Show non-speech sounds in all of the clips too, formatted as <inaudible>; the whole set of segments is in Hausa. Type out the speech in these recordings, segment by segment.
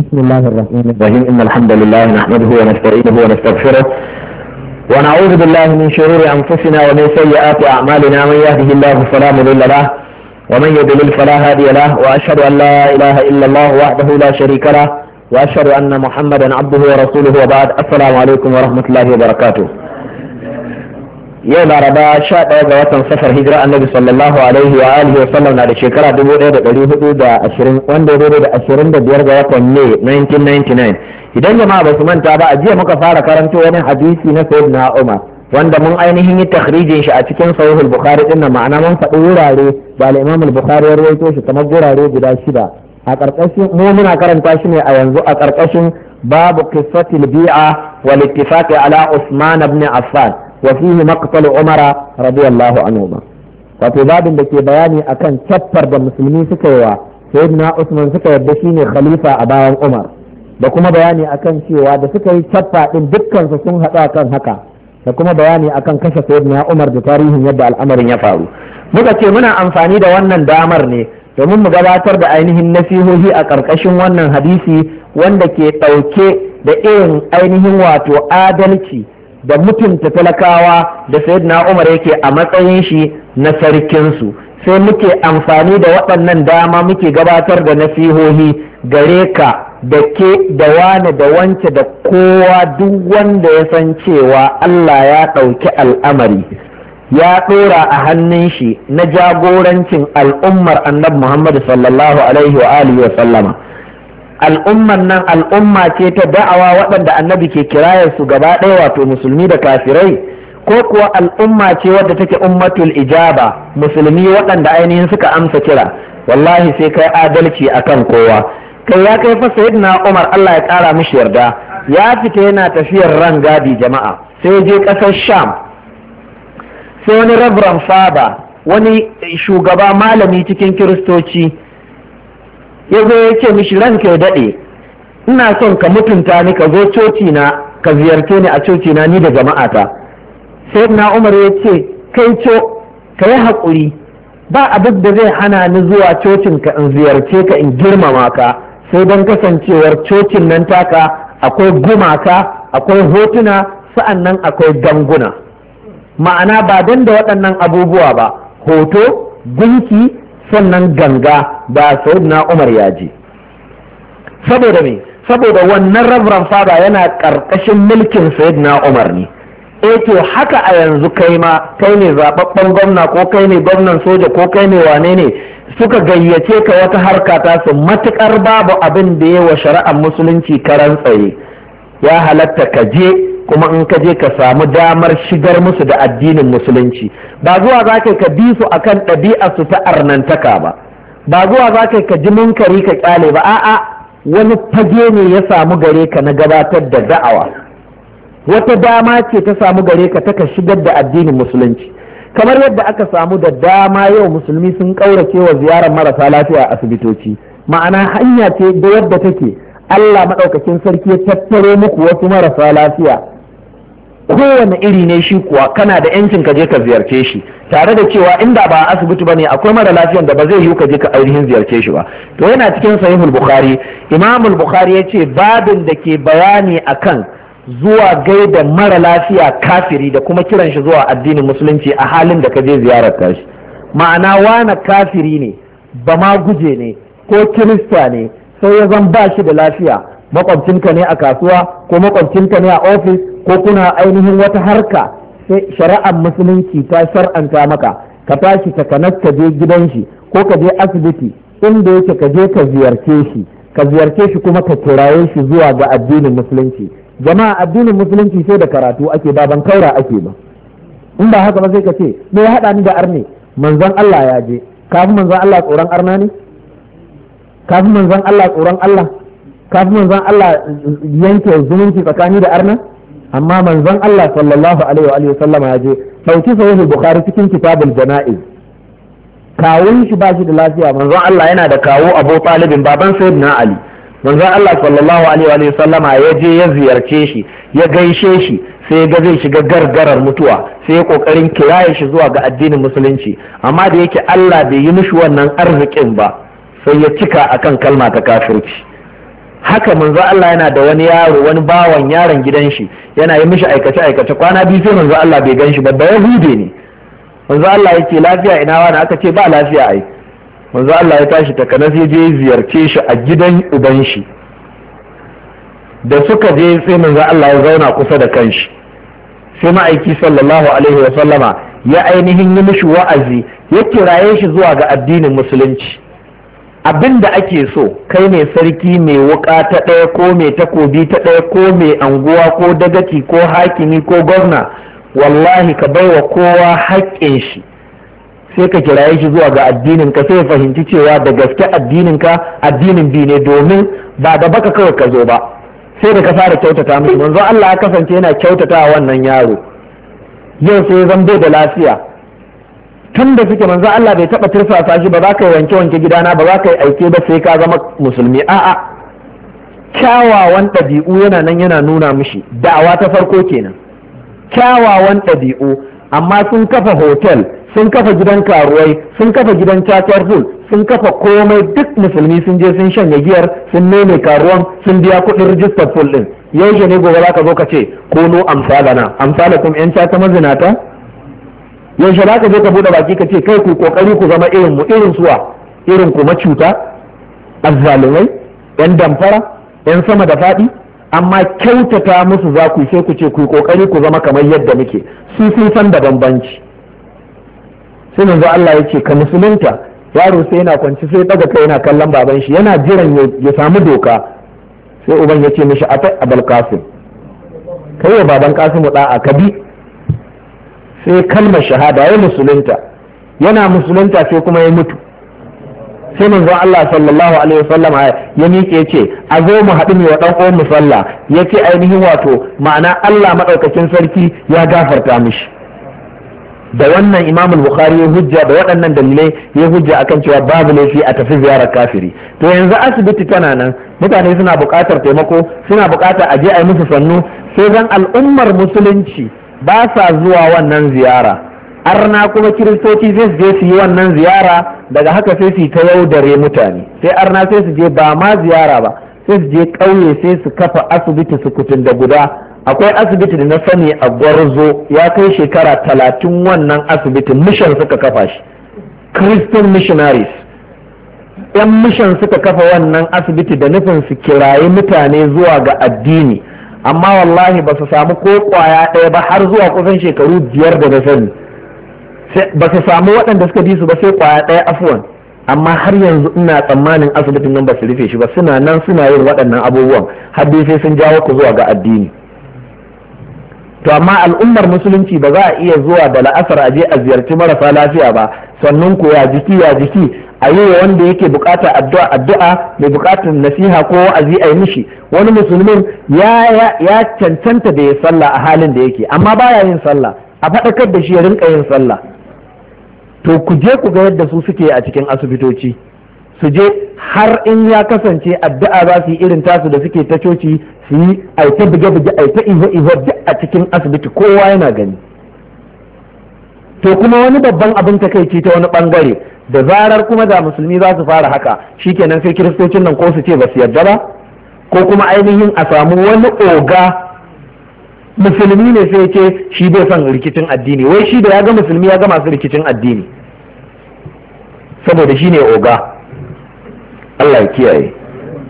بسم الله الرحمن الرحيم إن الحمد لله نحمده ونستعينه ونستغفره ونعوذ بالله من شرور أنفسنا ومن سيئات أعمالنا من يهده الله فلا مضل له ومن يضلل فلا هادي له وأشهد أن لا إله إلا الله وحده لا شريك له وأشهد أن محمدا عبده ورسوله وبعد السلام عليكم ورحمة الله وبركاته yau laraba sha ɗaya ga watan safar hijira annabi sallallahu alaihi wa alihi wa na da shekara dubu ɗaya da ɗari hudu da ashirin wanda ya da ashirin da biyar ga watan may 1999 idan jama'a ba su manta ba a jiya muka fara karanto wani hadisi na sayyid na umar wanda mun ainihin yi takhrijin shi a cikin sahihul bukhari din nan ma'ana mun faɗi wurare da al-imam al-bukhari ya rawaito shi kamar wurare guda shida a ƙarƙashin mu muna karanta shi ne a yanzu a ƙarƙashin babu qissatil bi'a wal ittifaqi ala usman ibn affan wa fihi maqtal umara radiyallahu anhu wato babin da ke bayani akan cappar da musulmi suka yi wa sayyidina usman suka yarda shine khalifa a bayan umar da kuma bayani akan cewa da suka yi cappa din dukkan su sun hada kan haka da kuma bayani akan kashe sayyidina umar da tarihin yadda al'amarin ya faru muka ce muna amfani da wannan damar ne domin mu gabatar da ainihin nasihohi a ƙarƙashin wannan hadisi wanda ke ɗauke da irin ainihin wato adalci da mutunta talakawa da sayyidina umar yake a matsayin shi na sarkin su, sai muke amfani da waɗannan dama muke gabatar da nasihohi gare ka da ke da wane da wance da kowa duk wanda ya san cewa Allah ya ɗauki al'amari ya ɗora a hannun shi na jagorancin al'ummar annabi Muhammad sallallahu alaihi wa alihi wa sallama al'umman nan al'umma ce ta da'awa waɗanda annabi ke kirayar su gaba ɗaya wato musulmi da kafirai ko kuwa al'umma ce wadda take ummatul ijaba musulmi waɗanda ainihin suka amsa kira wallahi sai kai adalci akan kowa kai ya kai fa sayyidina Umar Allah ya ƙara mishi yarda ya fita yana tafiyar ran gadi jama'a sai je ƙasar Sham sai wani rabran faba wani shugaba malami cikin kiristoci ya zo ya ce mishi ranka ya daɗe ina son ka mutunta ni ka zo coci na ka ziyarce ni a coci na ni da jama'ata sai na umar ya ce kai co ka yi haƙuri ba abin da zai hana ni zuwa cocin ka in ziyarce ka in girmama ka sai don kasancewar cocin nan taka akwai gumaka akwai hotuna sa'an nan akwai ganguna ma'ana ba don da waɗannan abubuwa ba hoto gunki sannan ganga da na umar ya je saboda me saboda wannan rabran fada yana ƙarƙashin mulkin na umar ne eh to haka a yanzu kai ma kai ne zaɓaɓɓen gwamna ko kai ne gwamnan soja ko kai ne wane ne suka gayyace ka wata harka ta su matukar babu abin da wa shari'ar musulunci karan tsaye ya halatta ka je kuma in ka je ka samu damar shigar musu da addinin musulunci ba zuwa za ka bi su akan ɗabi'arsu ta arnantaka ba ba zuwa za ka ji munkari ka kyale ba a'a wani fage ne ya samu gare ka na gabatar da da'awa wata dama ce ta samu gare ka ta ka shigar da addinin musulunci kamar yadda aka samu da dama yau musulmi sun ƙaurace wa ziyarar marasa lafiya a asibitoci ma'ana hanya ce da yadda take Allah maɗaukakin sarki ya tattaro muku wasu marasa lafiya kowane iri ne shi kuwa kana da yancin ka je ka ziyarce shi tare da cewa inda ba asibiti bane akwai mara lafiyan da ba zai yiwu ka je ka ainihin ziyarce shi ba to yana cikin sahihul bukhari imamul bukhari yace babin da ke bayani akan zuwa gaida mara lafiya kafiri da kuma kiran shi zuwa addinin musulunci a halin da ka je ziyarar shi ma'ana wana kafiri ne ba ma guje ne ko kirista ne sai ya zan ba shi da lafiya makwabcinka ne a kasuwa ko makwabcinka ne a ofis ko kuna ainihin wata harka sai shari'ar musulunci ta shar'anta maka ka tashi ka kanar ka je gidan shi ko ka je asibiti inda yake ka je ka ziyarce shi ka ziyarce shi kuma ka kiraye shi zuwa ga addinin musulunci jama'a addinin musulunci sai da karatu ake ba ban kaura ake ba in ba haka ba sai ka ce me ya haɗa ni da arne manzon Allah ya je kafin manzon Allah tsoron arna ne kafin manzon Allah tsoron Allah kafin manzon Allah yanke zumunci tsakani da arna amma manzon Allah sallallahu alaihi wa sallama ya je dauki bukhari cikin kitabul janaiz kawun shi ba shi da lafiya manzon Allah yana da kawo Abu Talibin baban Sayyidina Ali manzon Allah sallallahu alaihi wa sallama ya je ya ziyarce shi ya gaishe shi sai ga zai shiga gargarar mutuwa sai ya kokarin kiraye shi zuwa ga addinin musulunci amma da yake Allah bai yi mishi wannan arzikin ba sai ya cika akan kalma ta kafirci haka manzo Allah yana da wani yaro wani bawan yaron gidan shi yana yi mishi aikace aikace kwana biyu sai manzo Allah bai gan shi ba da yahude ne manzo Allah yake lafiya ina wani aka ce ba lafiya ai manzo Allah ya tashi ta sai je ziyarce shi a gidan uban shi da suka je sai manzo Allah ya zauna kusa da kanshi sai ma'aiki sallallahu alaihi wa sallama ya ainihin yi mishi wa'azi ya kiraye shi zuwa ga addinin musulunci abin da ake so kai ne sarki mai wuka ta ɗaya ko mai takobi ta ɗaya ko mai anguwa ko dagaci ko hakimi ko gwamna wallahi ka baiwa kowa haƙƙin shi sai ka kiraye shi zuwa ga addinin ka sai fahimci cewa da gaske addinin ka addinin bi ne domin ba da baka kawai ka zo ba sai da ka fara kyautata mishi manzo Allah ya kasance yana kyautata wannan yaro yau sai zan bai da lafiya tun da suke manzo Allah bai taba turfafa shi ba za ka yi wanke wanke gidana ba za ka yi aike ba sai ka zama musulmi a'a kyawawan ɗabi'u yana nan yana nuna mishi da'awa ta farko kenan kyawawan ɗabi'u amma sun kafa hotel sun kafa gidan karuwai sun kafa gidan catar pool sun kafa komai duk musulmi sun je sun shanya giyar sun nome karuwan sun biya kuɗin rijistar pool ɗin yaushe ne gobe za ka zo ka ce kono amsalana amsalakum yan caca mazinata yaushe ba ka zo ka bude baki ka ce kai ku kokari ku zama irin mu irin suwa irin ku macuta azzalumai yan damfara yan sama da faɗi amma kyautata musu za ku sai ku ce ku kokari ku zama kamar yadda muke su sun san da bambanci sai manzo Allah ya ce ka musulunta yaro sai yana kwanci sai daga kai yana kallon baban shi yana jiran ya samu doka sai uban ya ce mishi a abul kasim kai wa baban kasim da'a ka bi sai kalmar shahada ya musulunta yana musulunta sai kuma ya mutu sai manzo Allah sallallahu alaihi wasallam ya miƙe ce a zo mu haɗu ne wa dan uwan mu sallah yake ainihin wato ma'ana Allah madaukakin sarki ya gafarta mishi da wannan Imam Bukhari ya hujja da waɗannan dalilai ya hujja akan cewa babu laifi a tafi ziyarar kafiri to yanzu asibiti tana nan mutane suna buƙatar taimako suna buƙatar a je a musu sannu sai zan al'ummar musulunci ba sa zuwa wannan ziyara arna kuma kiristoci zai je su yi wannan ziyara daga haka sai su ta yaudare mutane sai arna sai su je ba ma ziyara ba sai su je ƙauye sai su kafa asibiti su kutun da guda akwai asibiti da na sani a gwarzo ya kai shekara talatin wannan asibiti mission suka kafa shi christian missionaries yan mission suka kafa wannan asibiti da nufin su kiraye mutane zuwa ga addini amma wallahi ba su samu ko kwaya ɗaya ba har zuwa kusan shekaru biyar da na sani ba su samu waɗanda suka bi su ba sai kwaya ɗaya afuwan amma har yanzu ina tsammanin asibitin nan ba su rufe shi ba suna nan suna yin waɗannan abubuwan har dai sai sun jawo ku zuwa ga addini to amma al'ummar musulunci ba za a iya zuwa da la'asar a je a ziyarci marasa lafiya ba sannan ko ya jiki ya jiki a yi wa wanda yake bukata addu'a addu'a mai bukatar nasiha ko wa'azi a yi mishi wani musulmin ya cancanta da ya sallah a halin da yake amma baya yin sallah a faɗakar da shi ya rinka yin sallah to ku je ku ga yadda su suke a cikin asibitoci su je har in ya kasance addu'a za su yi irin tasu da suke ta coci su yi aita buge-buge aita iho-iho duk a cikin asibiti kowa yana gani to kuma wani babban abin takaici ta wani bangare da zarar kuma da musulmi za su fara haka shi shikenan sai kiristocin nan ko su ce ba su yarda ba ko kuma ainihin a samu wani oga musulmi ne sai ce shi bai son rikicin addini wai shi da ya ga musulmi ya ga masu rikicin addini saboda shi ne oga Allah ya kiyaye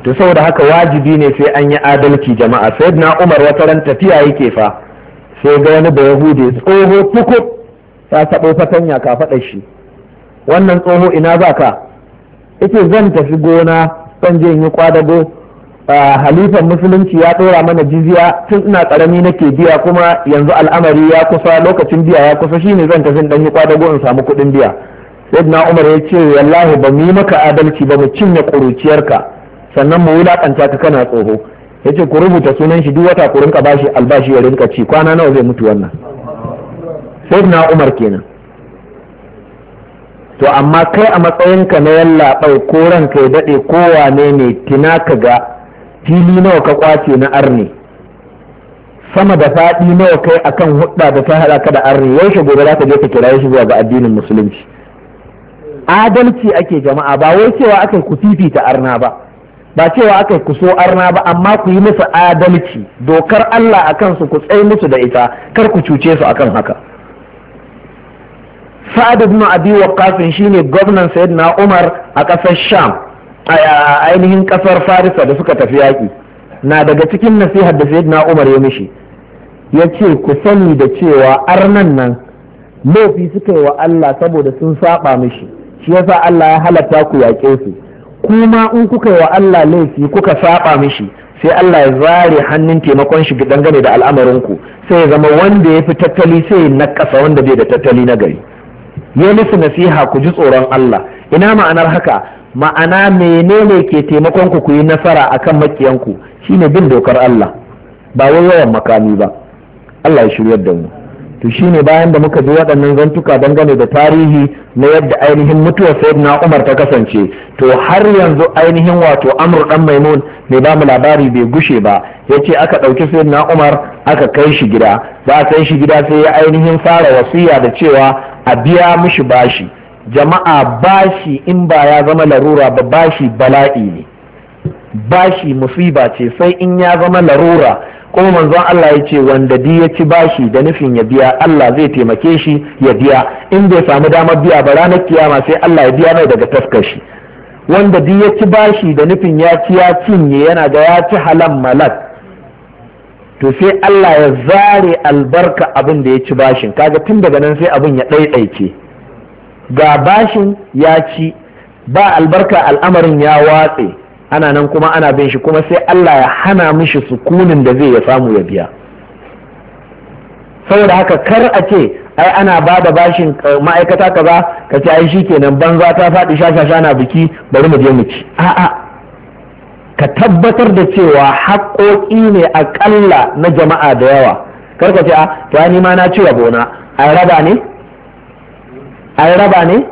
to saboda haka wajibi ne sai an yi adalci jama'a sai na umar wata ran tafiya yake fa sai ga wani da yahudi tsoho fuku ta taɓo fatanya ka faɗa shi wannan tsoho ina za ka yace zan tafi gona zan je yi kwadago halifan musulunci ya tsora mana jiziya tun ina karami nake biya kuma yanzu al'amari ya kusa lokacin biya ya kusa shine zan tafi dan yi kwadago in samu kuɗin biya sayyidina umar ya ce wallahi ba mu yi maka adalci ba mu cinye ƙuruciyarka sannan mu wulakanta ka kana tsoho yace ku rubuta sunan shi duk wata ku rinka bashi albashi ya rinka ci kwana nawa zai mutu wannan sayyidina umar kenan to amma kai a matsayinka na yallaɓai ko ranka ya daɗe kowane ne tina ka ga fili nawa ka kwace na arni sama da faɗi nawa kai akan hudda da ta haɗa ka da arne yaushe gobe za ka je ka kira shi zuwa ga addinin musulunci adalci ake jama'a ba wai cewa aka ku fifita arna ba ba cewa aka ku so arna ba amma ku yi musu adalci dokar Allah akan su ku tsaye musu da ita kar ku cuce su akan haka sa'ad ibn abi waqqas shine gwamnan sayyidina umar a ƙasar sham a ainihin ƙasar farisa da suka tafi yaƙi na daga cikin nasihar da sayyidina umar ya mishi ya ce ku sani da cewa arnan nan Lofi suka yi wa Allah saboda sun saba mishi shi yasa Allah ya halatta ku yaƙe su kuma in kuka yi wa Allah laifi kuka saba mishi sai Allah ya zare hannun taimakon shi dangane da al'amarinku sai ya zama wanda ya fi tattali sai na ƙasa wanda bai da tattali na gari yi musu nasiha ku ji tsoron Allah ina ma'anar haka ma'ana menene ke taimakon ku kuyi yi nasara akan makiyan ku shine bin dokar Allah ba wai yawan makami ba Allah ya shiryar da mu to shine bayan da muka ji waɗannan zantuka dangane da tarihi na yadda ainihin mutuwar sayyidina Umar ta kasance to har yanzu ainihin wato Amr dan Maimun mai ba mu labari bai gushe ba yace aka ɗauki sayyidina Umar aka kai shi gida za a kai shi gida sai ya ainihin fara wasiya da cewa a biya mishi bashi jama'a bashi in ba ya zama larura ba bashi bala'i ne bashi musiba ce sai in ya zama larura kuma manzon Allah ya ce wanda di ya ci bashi da nufin ya biya Allah zai taimake shi ya biya in bai samu damar biya ba ranar kiyama sai Allah ya biya mai daga taskar shi wanda di ya ci bashi da nufin ya ci ya cinye yana ga ya ci halan malak to sai Allah ya zare albarka abin da ya ci bashin kaga tun daga nan sai abin ya ɗaiɗaike. ga bashin ya ci ba albarka al'amarin ya watse ana nan kuma ana bin shi kuma sai Allah ya hana mishi sukunin da zai ya samu ya biya saboda haka kar a ce ai ana ba da bashin eh, ma'aikata kaza ka ci ai kenan banza ta faɗi shashasha na biki bari mu je mu ci a'a ka tabbatar da cewa haƙoƙi ne aƙalla na jama'a da yawa karka ce a ah, to ni ma na ci gona. ai raba ne ai raba ne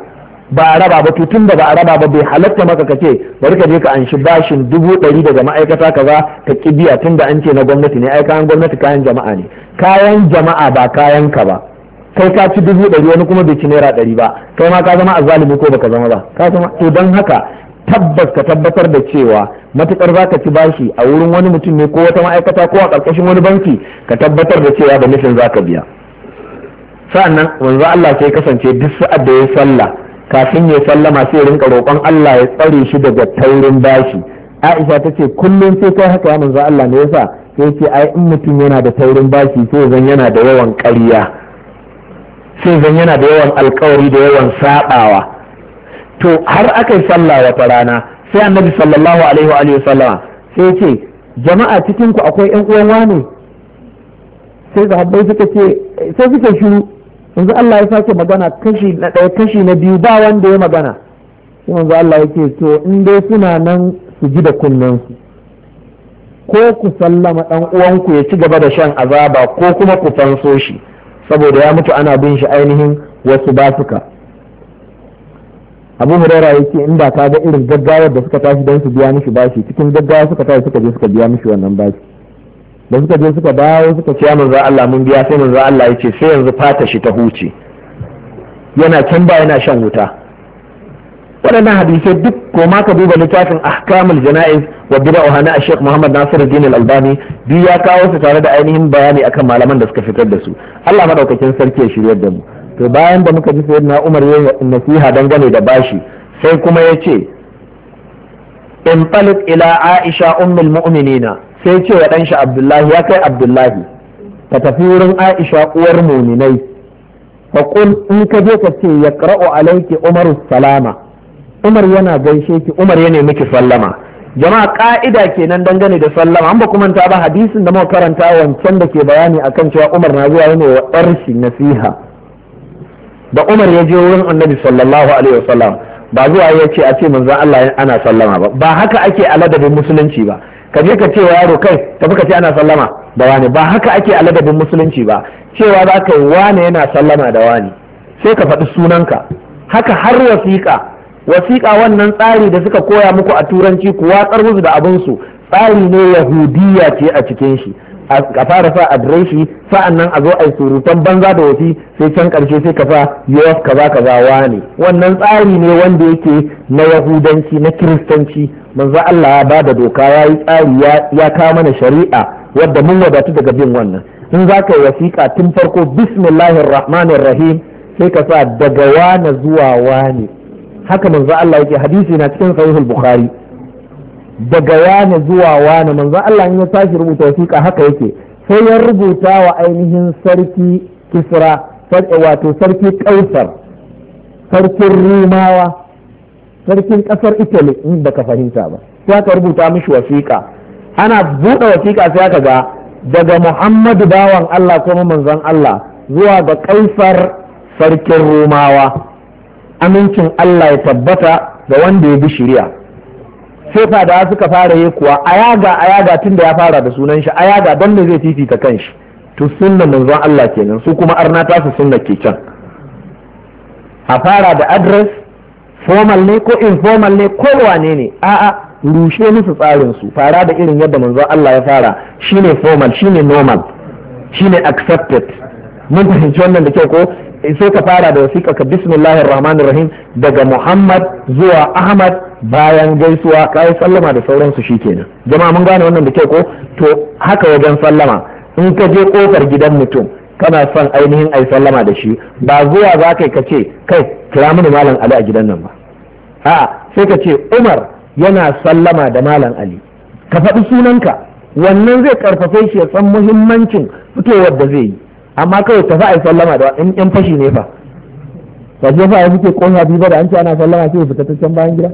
ba a raba ba tutun da ba a raba ba bai halatta maka ka ce bari ka je ka anshi bashin dubu ɗari daga ma'aikata kaza ka kibiya biya tun da an ce na gwamnati ne ai kayan gwamnati kayan jama'a ne kayan jama'a ba kayan ka ba kai ka ci dubu ɗari wani kuma bai ci naira ɗari ba kai ma ka zama azzalimi ko baka zama ba ka zama to don haka tabbas ka tabbatar da cewa matukar za ka ci bashi a wurin wani mutum ne ko wata ma'aikata ko a ƙarƙashin wani banki ka tabbatar da cewa da nufin za ka biya sa'annan wanzu Allah sai kasance duk sa'ad da ya sallah kafin ya sallama sai rinka roƙon Allah ya tsare shi daga taurin bashi Aisha ta ce kullum sai kai haka ya manzo Allah ne yasa sai ce ai in mutum yana da taurin bashi sai zan yana da yawan ƙarya sai zan yana da yawan alƙawari da yawan saɓawa to har aka yi sallah wata rana sai annabi sallallahu alaihi wa alihi sallama sai ce jama'a cikin ku akwai yan uwan wane sai sahabbai suka ce sai suka shiru yanzu Allah ya sake magana kashi na ɗaya kashi na biyu ba wanda ya magana sai yanzu Allah yake to in dai suna nan su ji da kunnen su ko ku sallama ɗan uwanku ya ci gaba da shan azaba ko kuma ku fanso shi saboda ya mutu ana bin shi ainihin wasu basuka abu huraira ya ce in ba ka ga irin gaggawar da suka tashi don su biya mishi bashi cikin gaggawa suka tashi suka je suka biya mishi wannan bashi da suka je suka dawo suka ce mun za Allah mun biya sai mun za Allah ya ce sai yanzu fata shi ta huce yana can ba yana shan wuta waɗannan hadisai duk ko ma ka duba littafin ahkamul jana'iz wa bid'ah na Sheikh Muhammad nasiru Al-Albani duk ya kawo su tare da ainihin bayani akan malaman da suka fitar da su Allah madaukakin sarki ya shiryar da mu to bayan da muka ji sayyidina umar ya nasiha dangane da bashi sai kuma ya ce in talik ila aisha ummul mu'minina sai ce wa danshi abdullahi ya kai abdullahi ka tafi wurin aisha uwar muminai fa in ka je ka ce ya qara'u alayki Umar, salama umar yana gaishe ki umar yane miki sallama jama'a ka'ida kenan dangane da sallama an ba kuma ta ba hadisin da muka karanta wancan da ke bayani akan cewa umar na zuwa yana wa ɗarshi nasiha da umar ya je wurin annabi sallallahu alaihi wasallam ba zuwa ya ce a ce manzon Allah ana sallama ba ba haka ake aladabin musulunci ba ka je ka ce yaro kai tafi ka ce ana sallama da wani ba haka ake aladabin musulunci ba cewa za ka yi wane yana sallama da wani sai ka faɗi sunanka haka har wasiƙa wasiƙa wannan tsari da suka koya muku a turanci kuwa watsar musu da abinsu tsari ne yahudiya ce a cikin shi a fara sa adireshi sa'annan a zo a surutan banza da wasi sai can karshe sai ka sa yowas kaza kaza ne wannan tsari ne wanda yake na yahudanci na kiristanci manzo Allah ya bada doka ya yi tsari ya kawo mana shari'a wadda mun wadatu daga bin wannan in za ka yi wasiƙa tun farko bismillahir sai ka sa daga wane zuwa wane haka manzo Allah yake hadisi na cikin sahihul bukhari daga wane zuwa wane manzon Allah in ya tashi rubuta wasiƙa haka yake sai ya rubuta wa ainihin sarki kisra wato sarki kaisar sarkin rumawa sarkin kasar italy in baka fahimta ba sai aka rubuta mishi wasiƙa ana buɗe wasiƙa sai aka ga daga muhammadu bawan Allah kuma manzon Allah zuwa ga kaisar sarkin rumawa amincin Allah ya tabbata ga wanda ya bi shirya sai fada suka fara yi kuwa ayaga ayaga tun da ya fara da sunan shi ayaga don da zai fifita kanshi to sunna manzon Allah kenan su kuma arna ta su sunna ke can a fara da address formal ne ko informal ne ko wane ne a'a rushe musu tsarin su fara da irin yadda manzon Allah ya fara shine formal shine normal shine accepted mun fahimci wannan da kyau ko eh, sai ka fara da wasiƙa ka bismillahir rahmanir rahim daga muhammad zuwa ahmad bayan gaisuwa kai sallama da sauransu shikenan jama'a mun gane wannan da kyau ko to haka wajen sallama in ka je kofar gidan mutum kana son ainihin ai sallama da shi ba zuwa za kai ka ce kai kira mini malam ali a gidan nan ba a sai ka ce umar yana sallama da malam ali ka faɗi sunanka wannan zai karfafe shi ya san muhimmancin fitowar da zai yi amma kawai tafi a sallama da in yan fashi ne fa ba je fa suke kofa biyu ba da an ce ana sallama sai fita ta can bayan gida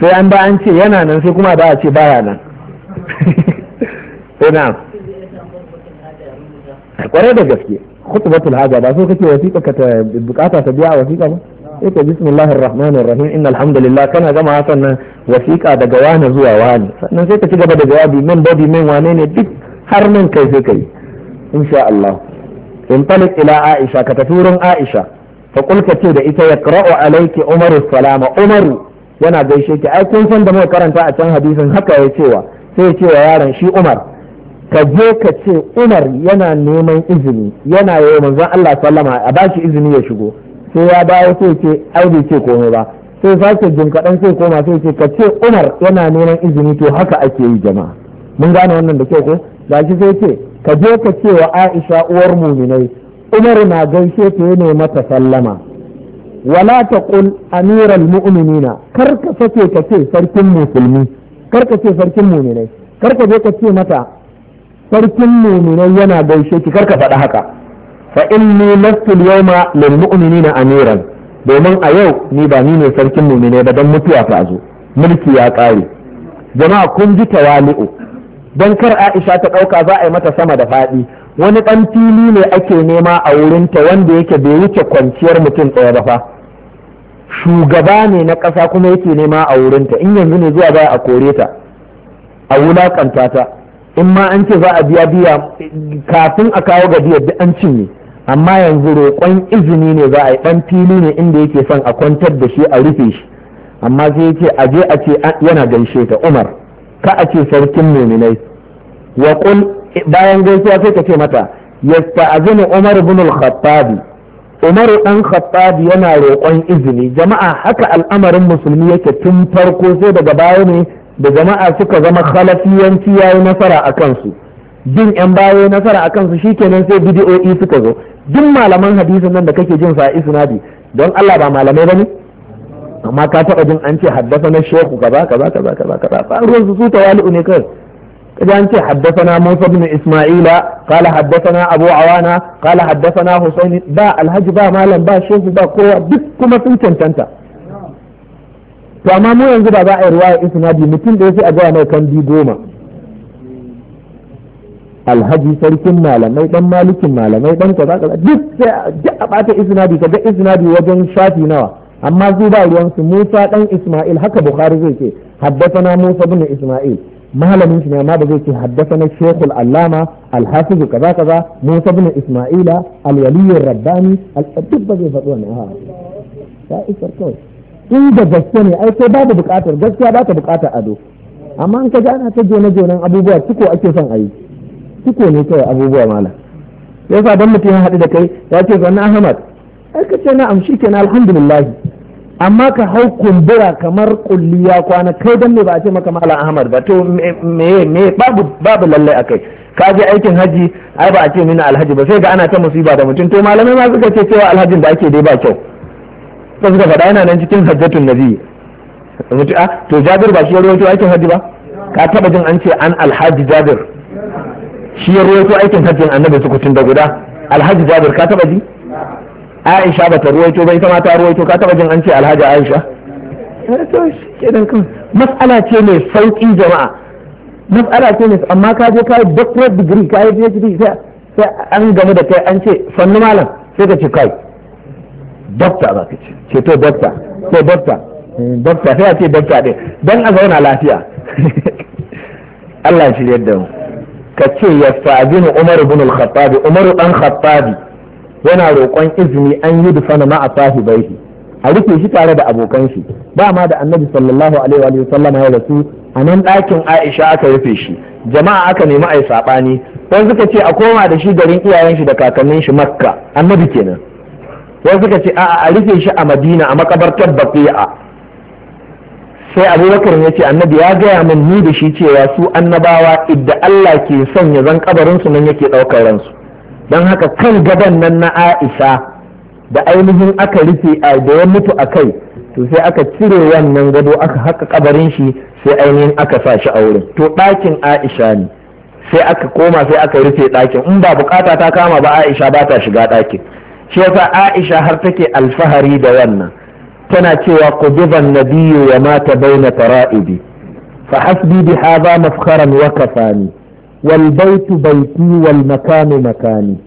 sai an ba an ce yana nan sai kuma da a ce baya nan ina <laughs> eh, kware da gaske khutbatul haja ba so kake wasiƙa ka ta bukata ta biya wasiƙa ba yake eh, bismillahir rahmanir rahim innal hamdalillah kana gama sannan wasiƙa daga wani zuwa wani sannan sai ka ci gaba da jawabi min babi min wane ne duk har nan kai sai kai insha Allah tali ila aisha ka tafi wurin aisha fa kulka ce da ita ya qra'u alayki umaru salama umaru yana gaishe ki ai kun san da muka karanta a can hadisin haka ya cewa sai ya ce yaron shi umar ka je ka ce umar yana neman izini yana yi manzon Allah sallama a bashi izini ya shigo sai ya dawo sai ce ai bai ce komai ba sai sake jin kaɗan sai koma sai ce ka ce umar yana neman izini to haka ake yi jama'a mun gane wannan da kyau ko gashi sai ce ka je ka ce wa aisha uwar muminai umar na gaishe ta ne mata sallama wala ta kul amiral mu'minina kar ka sake ka ce sarkin musulmi kar ka ce sarkin muminai kar ka je ka ce mata sarkin muminai yana gaishe ki kar ka faɗa haka fa inni lastu yawma lil mu'minina amiran domin a yau ni ba ni ne sarkin muminai ba dan mutuwa ta zo mulki ya kare jama'a kun ji tawali'u don kar Aisha ta ɗauka za a yi mata sama da faɗi wani ɗan fili ne ake nema a wurinta wanda yake bai wuce kwanciyar mutum ɗaya ba fa shugaba ne na ƙasa kuma yake nema a wurinta in yanzu ne zuwa za a kore ta a wulaƙanta ta in ma an ce za a biya biya kafin a kawo gajiyar da an cinye amma yanzu roƙon izini ne za a yi ɗan fili ne inda yake son a kwantar da shi a rufe shi amma sai yake a je a ce yana gaishe ta umar ka a ce sarkin muminai wa bayan gaisuwa sai ka ce mata yasta'zinu umar ibn al-khattab umar dan khattab yana roƙon izini jama'a haka al'amarin musulmi yake tun farko sai daga baya ne da jama'a suka zama khalafiyanci yayi nasara a kansu jin yan baya nasara a kansu shikenan sai bidi'o'i suka zo duk malaman hadisin nan da kake jin sa isnadi don Allah ba malamai bane amma ka taba jin an ce haddasa na shehu kaza kaza kaza kaza kaza ba ruwan su ta tawali'u ne kai kaza an ce haddasa na musa bin isma'ila kala haddasa na abu awana kala haddasa na husaini ba alhaji ba malam ba shehu ba kowa duk kuma sun cancanta to amma mu yanzu ba za a yi ruwaya isnadi mutum da yake a ga mai kan bi goma alhaji sarkin malamai dan malikin malamai dan kaza kaza duk sai a bata isnadi kaga isnadi wajen shafi nawa amma su ba ruwansu Musa dan Isma'il haka Bukhari zai ce haddathana Musa bin Isma'il malamin na ne amma ba zai ce haddathana Sheikhul Allama Al-Hafiz kaza kaza Musa bin Isma'ila Al-Wali al faɗi isar kawai da gaske ne ai sai babu buƙatar gaskiya ba ta buƙatar ado amma in ka ga ana ta jona-jonan abubuwa ciko ake son a yi ne kawai abubuwa mala yasa don mutum ya haɗu da kai ya ce zanna ahmad ai ka ce na'am shi kenan alhamdulillah amma ka hau kumbura kamar kulli ya kwana kai dan ne ba a ce maka malam ahmad ba to me me babu babu lalle akai ka je aikin haji ai ba a ce mini alhaji ba sai ga ana ta musiba da mutum to malamai ma suka ce cewa alhajin da ake dai ba kyau ko suka faɗa yana nan cikin hajjatun nabi mutum a ah, to jabir ba shi ya rawaito aikin haji ba ka taba jin an ce an alhaji jabir shi ya rawaito aikin hajjin annabi su kutun da guda alhaji jabir ka taba ji aisha bata ruwaito ba ita ma ta ruwaito ka taba jin an ce alhaji aisha eh, mas'ala ce mai sauƙi jama'a mas'ala ce mai amma ka je ka yi doctorate degree ka yi PhD sai an gamu da kai an ce sannu malam sai ka ce kai doctor ba ka ce ce to doctor to doctor eh, doctor sai a ce doctor din dan a zauna lafiya <laughs> Allah shi yadda mu ka ce yasta'zinu Umar ibn al-Khattab Umar dan Khattabi yana roƙon izini an yi dufana ma a sahibaihi a rufe shi tare da abokan shi ba ma da annabi sallallahu alaihi wa sallama ya rasu a nan ɗakin aisha aka rufe shi jama'a aka nemi a yi saɓani wani suka ce a koma da shi garin iyayen shi da kakannin shi makka annabi kenan wani suka ce a a rufe shi a madina a makabartar baqi'a sai abubakar ya ce annabi ya gaya min ni da shi cewa su annabawa idda allah ke son ya zan kabarin su nan yake ɗaukar ransu don haka kan gaban nan na aisha da ainihin aka rufe a da ya mutu a kai to sai aka cire wannan gado aka haka kabarin shi sai ainihin aka sa shi a wurin to ɗakin aisha ne sai aka koma sai aka rufe ɗakin in ba bukata ta kama ba aisha ba ta shiga ɗakin shi yasa aisha har take alfahari da wannan tana cewa qudiban nabiyyu wa mata baina tara'ibi fa hasbi bi hadha mafkharan wa kafani wal baitu baiti wal makanu makani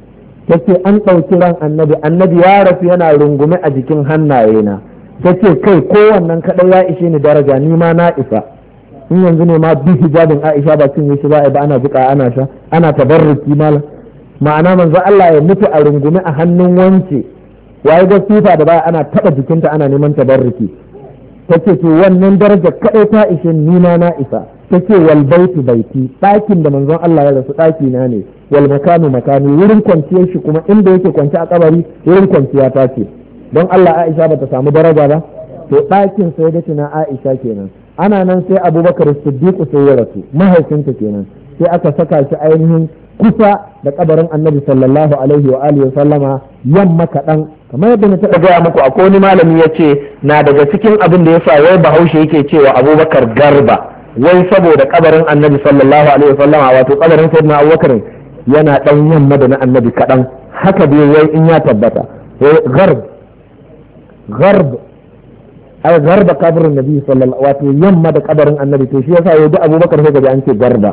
tace an ɗauki ran annabi annabi ya rasu yana rungume a jikin hannaye na tace kai wannan kaɗai ya ishe ni daraja ni ma na isa in yanzu ne ma bi hijabin Aisha ba cin shi ba ana buƙa ana sha ana tabarruki mala ma'ana manzo Allah ya mutu a rungume a hannun wance waye da sifa da baya ana taɓa jikinta ana neman tabarruki tace to wannan daraja kaɗai ta ishe ni ma na isa take wal baitu baiti ɗakin da manzon Allah ya rasu ɗaki na ne wal makanu wurin kwanciyar shi kuma inda yake kwanci a kabari wurin kwanciya ta ce don Allah Aisha bata samu daraja ba to ɗakin sai da na Aisha kenan ana nan sai Abubakar Siddiq sai ya rasu mahaifinta kenan sai aka saka shi ainihin kusa da kabarin Annabi sallallahu alaihi wa alihi sallama yamma kaɗan kamar yadda na taɓa gaya muku akwai wani malami ya ce na daga cikin abin da ya sa wai bahaushe yake cewa abubakar garba wai saboda kabarin annabi sallallahu alaihi wasallam wato kabarin sayyidina abubakar yana dan yamma da na annabi kadan haka dai wai in ya tabbata wai garb gharb ai garba kabarin nabi sallallahu wato yamma da kabarin annabi to shi yasa yau duk abubakar sai kaji an ce garba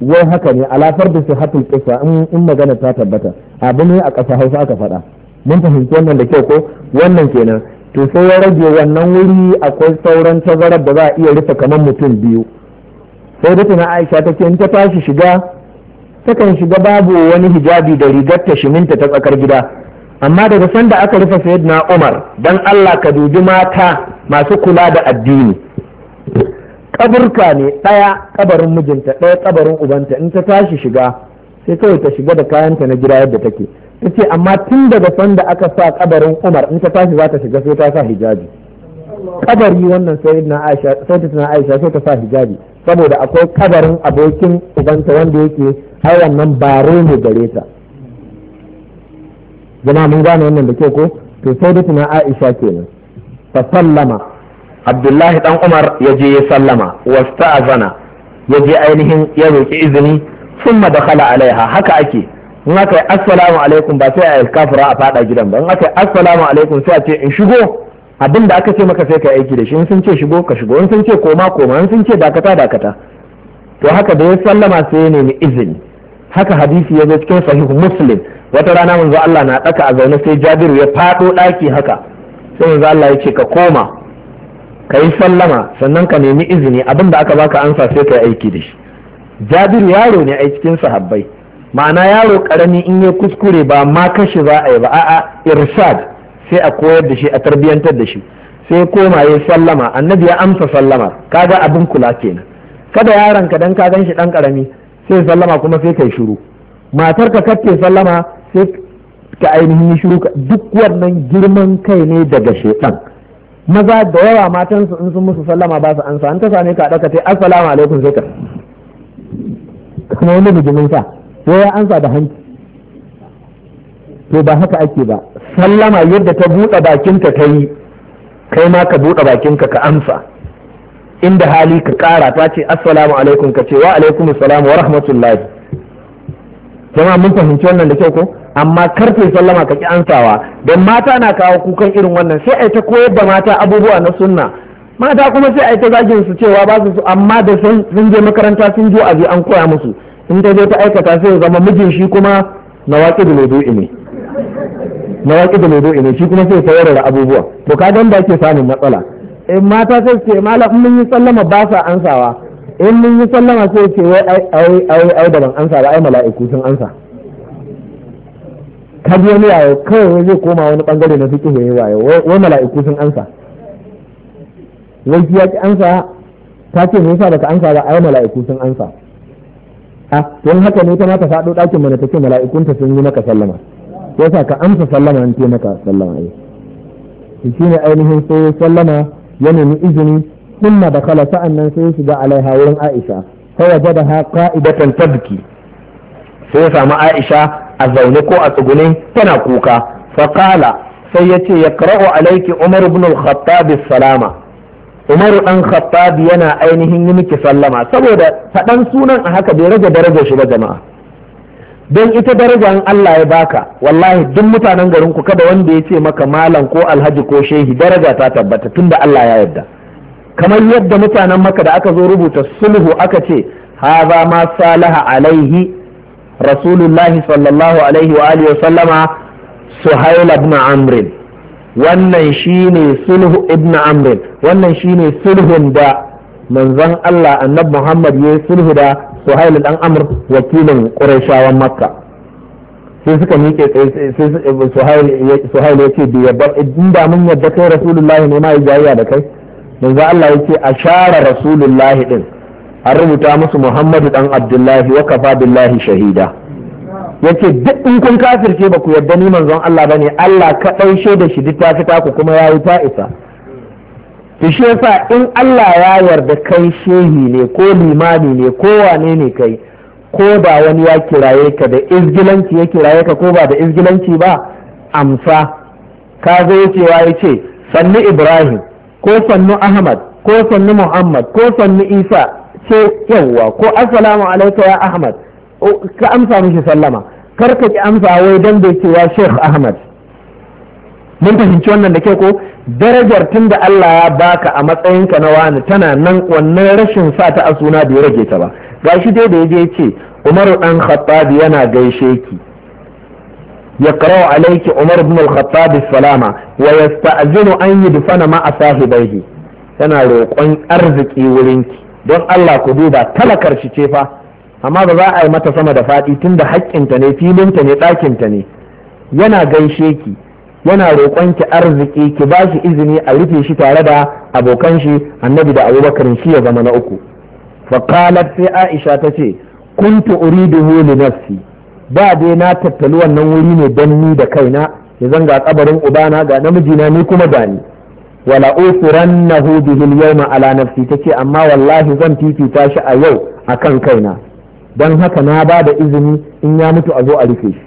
wai haka ne alafar da sihatul qissa in magana ta tabbata abu ne a ƙasa Hausa aka faɗa mun fahimci wannan da kyau ko wannan kenan to sai ya rage wannan wuri akwai sauran tazarar da za a iya rufe kamar mutum biyu sai da tuna aisha take in ta tashi shiga takan shiga babu wani hijabi da rigar ta shiminta ta tsakar gida amma daga sanda aka rufe na umar dan allah ka dubi mata masu kula da addini kaburka ne ɗaya kabarin mijinta ɗaya kabarin ubanta in ta tashi shiga sai kawai ta shiga da kayanta na gida yadda take ce amma tun daga sanda aka sa kabarin Umar in ta tashi za ta shiga sai ta sa hijabi kabari wannan sai na Aisha sai ta sa hijabi saboda akwai kabarin abokin ubanta wanda yake har wannan baro ne gare ta jama'a mun gane wannan da ke ko to sayyidatina Aisha kenan fa sallama Abdullahi dan Umar ya je ya sallama ta'azana ya je ainihin ya roki izini sun dakhala alaiha haka ake in aka yi assalamu alaikum ba sai a yi kafura a fada gidan ba in aka yi assalamu alaikum sai a ce in shigo abin da aka ce maka sai ka aiki da shi in sun ce shigo ka shigo in sun ce koma koma in sun ce dakata dakata to haka da ya sallama sai ya nemi izini haka hadisi ya zo cikin sahihu muslim wata rana manzo Allah na daka a zaune sai Jabiru ya fado daki haka sai manzo Allah ya ce ka koma ka yi sallama sannan ka nemi izini abin da aka baka ansa sai ka aiki da shi Jabiru yaro ne a cikin sahabbai ma'ana yaro karami in ya kuskure ba ma kashi za a yi ba a'a irshad sai a koyar da shi a tarbiyantar da shi sai koma ya sallama annabi ya amsa sallama kaga abin kula kenan kada yaron ka dan ka gan shi dan karami sai sallama kuma sai kai shiru matar ka kacce sallama sai ka ainihin shiru duk wannan girman kai ne daga shedan maza da yawa matan su in sun musu sallama ba su ansa an ta same ka daka tai assalamu alaikum sai ka kuma wani bijimin sa ko ya ansa da hanci to ba haka ake ba sallama yadda ta buɗe bakinka ta yi kai ma ka buɗe bakinka ka amsa inda hali ka ƙara ta ce assalamu alaikum ka ce wa alaikum assalam wa rahmatullahi jama'a mun fahimci wannan da kyau ko amma karfe sallama ka ki ansawa don mata na kawo kukan irin wannan sai ai ta koyar da mata abubuwa na sunna mata kuma sai ai ta zagin su cewa ba su amma da sun je makaranta sun jo aji an koya musu in ta je ta aikata sai ya zama mijin shi kuma da wudu'i ne da wudu'i ne shi kuma sai saurara abubuwa to ka dan da ake samun matsala in eh, mata sai ce malam in mun yi sallama ba sa ansawa in mun yi sallama sai ce wai ai ai ai da ban ansa ba ai mala'iku sun ansa ka ji wani yayo kawai zai koma wani bangare na fiƙi ne wayo wai mala'iku sun ansa wai ya ki ansa ta ce me yasa baka ansa ba ai mala'iku sun ansa a don haka ne tana ta faɗo ɗakin mana ta ce mala'ikunta sun yi maka sallama yasa ka amsa sallama an ce maka sallama ai eh. shi shine ainihin sai ya sallama ya nemi izini kuma da kala sa'annan sai ya shiga alaiha wurin aisha sai waje da haka idatan tabki sai ya samu aisha a zaune ko a tsugune tana kuka fa sai ya ce ya kara'u alaiki umar ibn al salama umar dan khattab yana ainihin yi miki sallama saboda faɗan sunan a haka bai rage darajar shi ba jama'a don ita daraja in Allah ya baka wallahi duk mutanen garin ku kada wanda ya ce maka malam ko alhaji ko shehi daraja ta tabbata tunda Allah ya yarda kamar yadda mutanen maka da aka zo rubuta sulhu aka ce haza ma salaha alaihi rasulullahi sallallahu alaihi wa alihi wa sallama suhaila ibn amrin wannan shine sulhu ibn wannan shine sulhun da manzon Allah annabi Muhammad ya yi sulhu da Suhail dan Amr wakilin Qurayshawan Makka sai suka miƙe Suhail ya ce bi yabba in mun yadda kai Rasulullahi ne ma jayya da kai manzon Allah ya ce ashara Rasulullahi din an rubuta musu Muhammadu dan Abdullahi wa kafa billahi shahida yace duk in kun kafirce ba ku yarda ni manzon Allah ba ne Allah ka ɗaushe da shi duk ta fita ku kuma ya yi isa ki shi yasa in Allah ya yarda kai shehi ne ko limami ne ko wane ne kai ko ba wani ya kiraye ka da izgilanci ya kiraye ka ko ba da izgilanci ba amsa ka zo cewa ya ce sannu ibrahim ko sannu ahmad ko sannu muhammad ko sannu isa ce yawwa ko assalamu alaikum ya ahmad Oh, ka amsa mishi sallama kar ka ki amsa wai dan bai ce ya Sheikh Ahmad mun fahimci wannan da ke ko darajar tun da Allah ya baka a matsayin ka na wani tana nan wannan rashin sa ta a suna bai rage ta ba gashi dai da yaje ce Umaru dan Khattab yana gaishe ki ya qara'u alayki Umar ibn al-Khattab salama wa yasta'zinu an yudfana ma'a sahibaihi yana roƙon arziki wurinki don Allah ku duba talakar shi ce fa amma ba za a yi mata sama da faɗi tun tunda haƙƙinta ne filinta ne ɗakinta ne yana gaishe ki yana roƙon ki arziki ki ba shi izini a rufe shi tare da abokan shi annabi da abubakar shi ya zama na uku faƙalar sai aisha ta ce kuntu uriduhu li nafsi ba dai na tattali wannan wuri ne don ni da kaina ya zanga kabarin ubana ga namijina ni kuma ni wala usirannahu na hudu ala nafsi ce amma wallahi zan fifita shi a yau akan kaina don haka na ba da izini in ya mutu a zo a rufe shi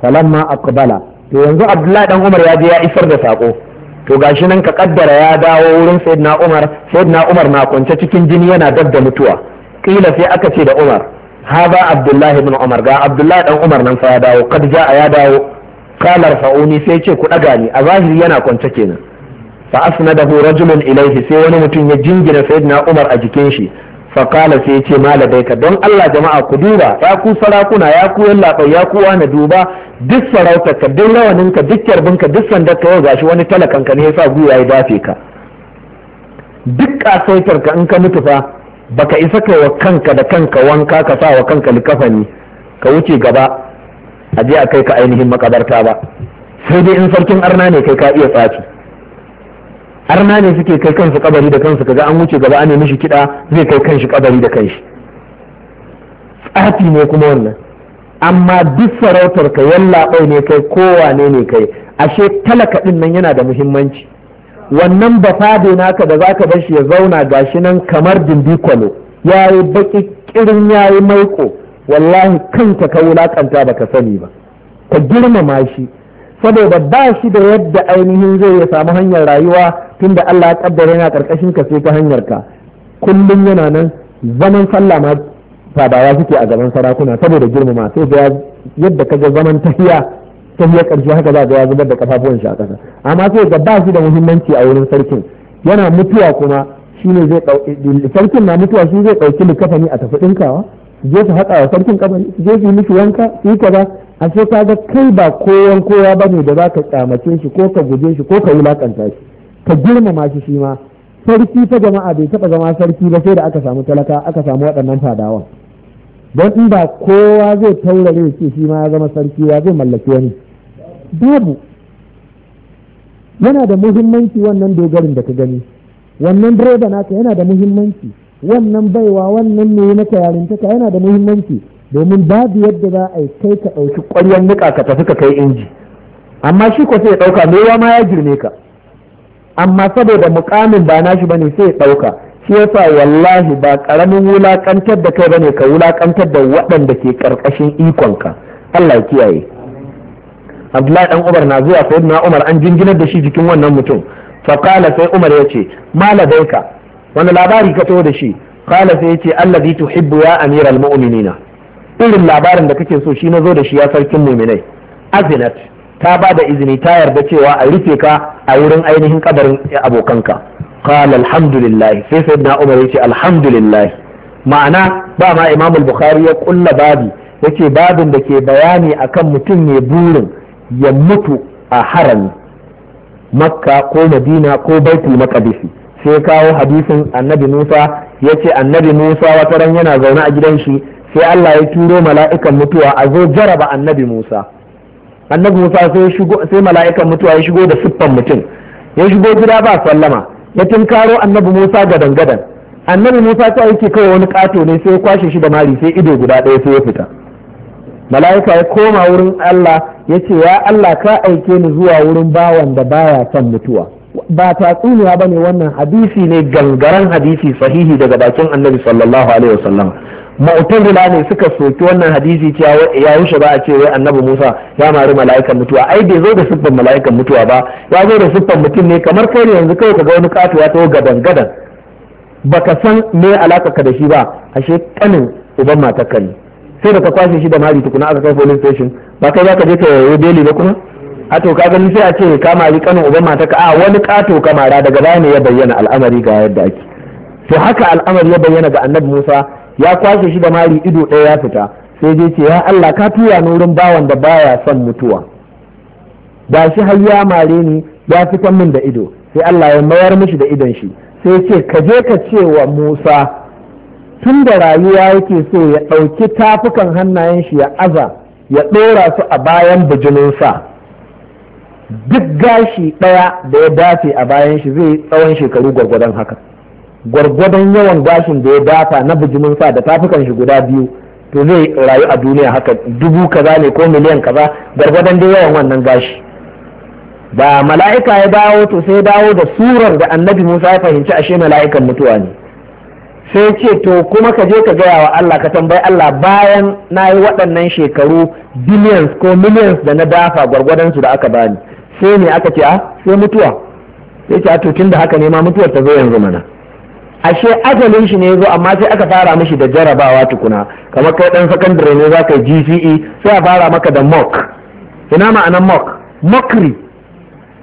falamma aqbala to yanzu abdullahi dan umar ya je ya isar da sako to gashi nan ka kaddara ya dawo wurin sayyidina umar sayyidina umar na kwance cikin jini yana dab da mutuwa kila sai aka ce da umar Ha ba abdullahi ibn umar ga abdullahi dan umar nan fa ya dawo kad ja'a ya dawo kalar fa'uni sai ce ku daga ni a zahiri yana kwance kenan fa asnadahu rajulun ilaihi sai wani mutum ya jingina sayyidina umar a jikin shi fakala sai ce malabai daika don Allah jama'a ku duba ya ku sarakuna ya ku yallaɓai ya ku wani duba duk sarautarka duk rawaninka duk kyarbinka duk sandarka yau gashi wani talakanka ne ya sa gwiwa ya dafe ka duk kasaitarka in ka mutu fa baka isa ka wa kanka da kanka wanka ka sa wa kanka likafani ka wuce gaba a je a kai ka ainihin makabarta ba sai dai in sarkin arna ne kai ka iya tsaki arna ne suke kai kansu kabari da kansu kaga an wuce gaba an mishi kiɗa zai kai kanshi kabari da kanshi tsafi ne kuma wannan amma duk sarautar ka yallaɓai ne kai kowane ne kai ashe talaka ɗin nan yana da muhimmanci wannan bafade naka da zaka bar shi ya zauna gashi nan kamar dindi ya yi baƙi ƙirin ya maiko wallahi kanta ka wulakanta baka sani ba ka girmama shi saboda ba shi da yadda ainihin zai ya samu hanyar rayuwa da Allah ya kaddara yana karkashin ka sai ta hanyar ka kullum yana nan zaman sallah ma fadawa suke a gaban sarakuna saboda girmama sai ga yadda kaga zaman tahiya tahiya karshe haka za ga ya zubar da kafafuwan shi a kasa amma sai ga ba da muhimmanci a wurin sarkin yana mutuwa kuma shine zai sarkin na mutuwa shi zai dauki likafani a tafi dinkawa je su haƙa wa sarkin kabari je su yi mishi wanka su ase kaza a sai ka ga kai ba kowan kowa bane da za ka kyamace shi ko ka guje shi ko ka wulakanta shi ka girmama shi shi ma sarki ta jama'a bai taɓa zama sarki ba sai da aka samu talaka aka samu waɗannan fadawa, don in ba kowa zai taurare ce shi ma ya zama sarki ya zai mallaki wani babu yana da muhimmanci wannan dogarin da ka gani wannan direba naka yana da muhimmanci wannan baiwa wannan ne na yarintaka yana da muhimmanci domin babu yadda za a kai ka ɗauki ƙwaryar niƙa ka tafi ka kai inji amma shi ko sai ya ɗauka me ma ya girme ka amma saboda mukamin ba nashi bane sai ya ɗauka shi yasa wallahi ba karamin wulaƙantar da kai bane ka wulakantar da waɗanda ke ƙarƙashin ikonka Allah ya kiyaye Abdullahi dan Umar na zuwa sai na Umar an jinginar da shi jikin wannan mutum Kala sai Umar ya ce maladaika wani labari ka to da shi qala sai ya ce allazi tuhibbu ya amiral mu'minina irin labarin da kake so shi na zo da shi ya sarkin mu'minai azinat ta bada izini ta yarda cewa a rufe ka a wurin ainihin kabarin abokanka qala alhamdulillah sai sayyidina umar ce alhamdulillah ma'ana ba ma imam al-bukhari ya kulla babi yace babin da ke bayani akan mutum mai burin ya mutu a haram makka ko madina ko baitul maqdis sai kawo hadisin annabi musa yace annabi musa wata ran yana zaune a gidan shi sai Allah ya turo mala'ikan mutuwa a zo jaraba annabi musa annabi musa sai shigo sai mala'ikan mutuwa ya shigo da siffan mutum ya shigo gida ba sallama ya tunkaro annabi musa gadan gadan annabi musa ta yake kawai wani kato ne sai ya kwashe shi da mari sai ido guda ɗaya sai ya fita mala'ika ya koma wurin allah ya ce ya allah ka aike ni zuwa wurin bawan da baya son mutuwa ba tatsuniya ba ne wannan hadisi ne gangaren hadisi sahihi daga bakin annabi sallallahu alaihi wasallam mu'tazila ne suka soki wannan hadisi cewa ya rushe ba a ce wai annabi Musa ya mari mala'ikan mutuwa ai bai zo da siffan mala'ikan mutuwa ba ya zo da siffan mutum ne kamar kai ne yanzu kawai kaga wani katu ya taho gadan gadan baka san me alaka ka da shi ba ashe kanin uban matakan ne sai da ka kwashe shi da mari tukuna aka kai police station ba kai zaka je ka yayo beli ba kuma a to ka gani sai a ce ka mari kanin uban mataka a wani kato kamara daga baya ne ya bayyana al'amari ga yadda ake to haka al'amari ya bayyana ga annabi Musa ya kwashe shi da mari ido ɗaya ya fita sai dai ce ya Allah ka tura ni wurin bawan da baya son mutuwa da shi har ya mare ni ya fita min da ido sai Allah ya mayar mishi da idon shi sai ce ka je ka ce wa Musa tun da rayuwa yake so ya ɗauki tafukan hannayen shi ya aza ya ɗora su a bayan bijininsa duk gashi ɗaya da ya dace a bayan shi zai tsawon shekaru gwargwadon haka. gwargwadon yawan gashin da ya dafa na bijimin sa da tafukan shi guda biyu to zai rayu a duniya haka dubu kaza ne ko miliyan kaza gwargwadon da yawan wannan gashi da mala'ika ya dawo to sai dawo da surar da annabi musa ya fahimci ashe mala'ikan mutuwa ne sai ce to kuma ka je ka gaya wa allah ka tambayi allah bayan na yi waɗannan shekaru billions ko millions da na dafa gwargwadon su da aka bani sai ne aka ce a ah, sai mutuwa sai ce a ah, to tun da haka ne ma mutuwar ta zo yanzu mana ashe ajalin shi ne ya zo amma sai aka fara mishi da jarabawa tukuna kamar kai dan sakandare ne za ka yi gce sai a fara maka da mock ina ma'anan mock mockery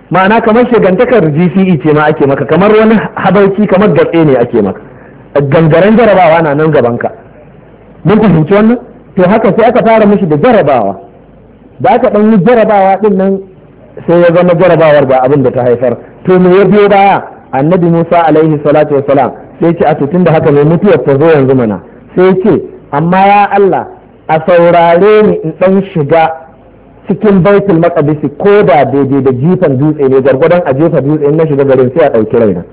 ma'ana kamar shigantakar gce ce ma ake maka kamar wani habauki kamar gatse ne ake maka gangaren jarabawa na nan gabanka mun fahimci wannan to haka sai aka fara mishi da jarabawa da aka dan yi jarabawa din nan sai ya zama jarabawar ba abin da ta haifar to me ya biyo baya annabi musa alaihi salatu wasalam sai ce a tutun da haka mai mutuwar ta zo yanzu mana sai ce amma ya Allah a saurare ni in dan shiga cikin baitul maqdisi ko da daidai da jifan dutse ne gargwadon a jefa dutse in na shiga garin sai a dauki raina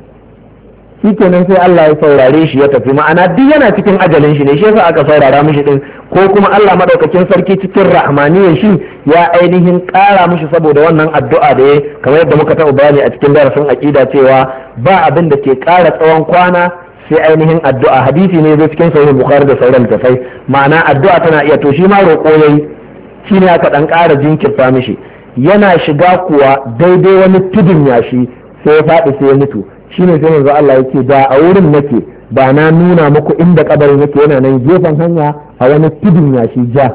shikenan sai Allah ya saurare shi ya tafi ma'ana duk yana cikin ajalin shi ne shi yasa aka saurara mishi din ko kuma Allah madaukakin sarki cikin rahmaniyar shi ya ainihin kara mishi saboda wannan addu'a da ya kamar yadda muka taɓa bayani a cikin darasin aqida cewa ba abin da ke ƙara tsawon kwana sai ainihin addu'a hadisi ne zai cikin sahih bukhari da sauran tafai ma'ana addu'a tana iya to shi ma roƙo yayi shine aka dan ƙara jinkirta mishi yana shiga kuwa daidai wani tudun yashi sai ya faɗi sai ya mutu shine sai manzo Allah yake da a wurin nake ba na nuna muku inda kabarin yake yana nan gefen hanya a wani tudun yashi ja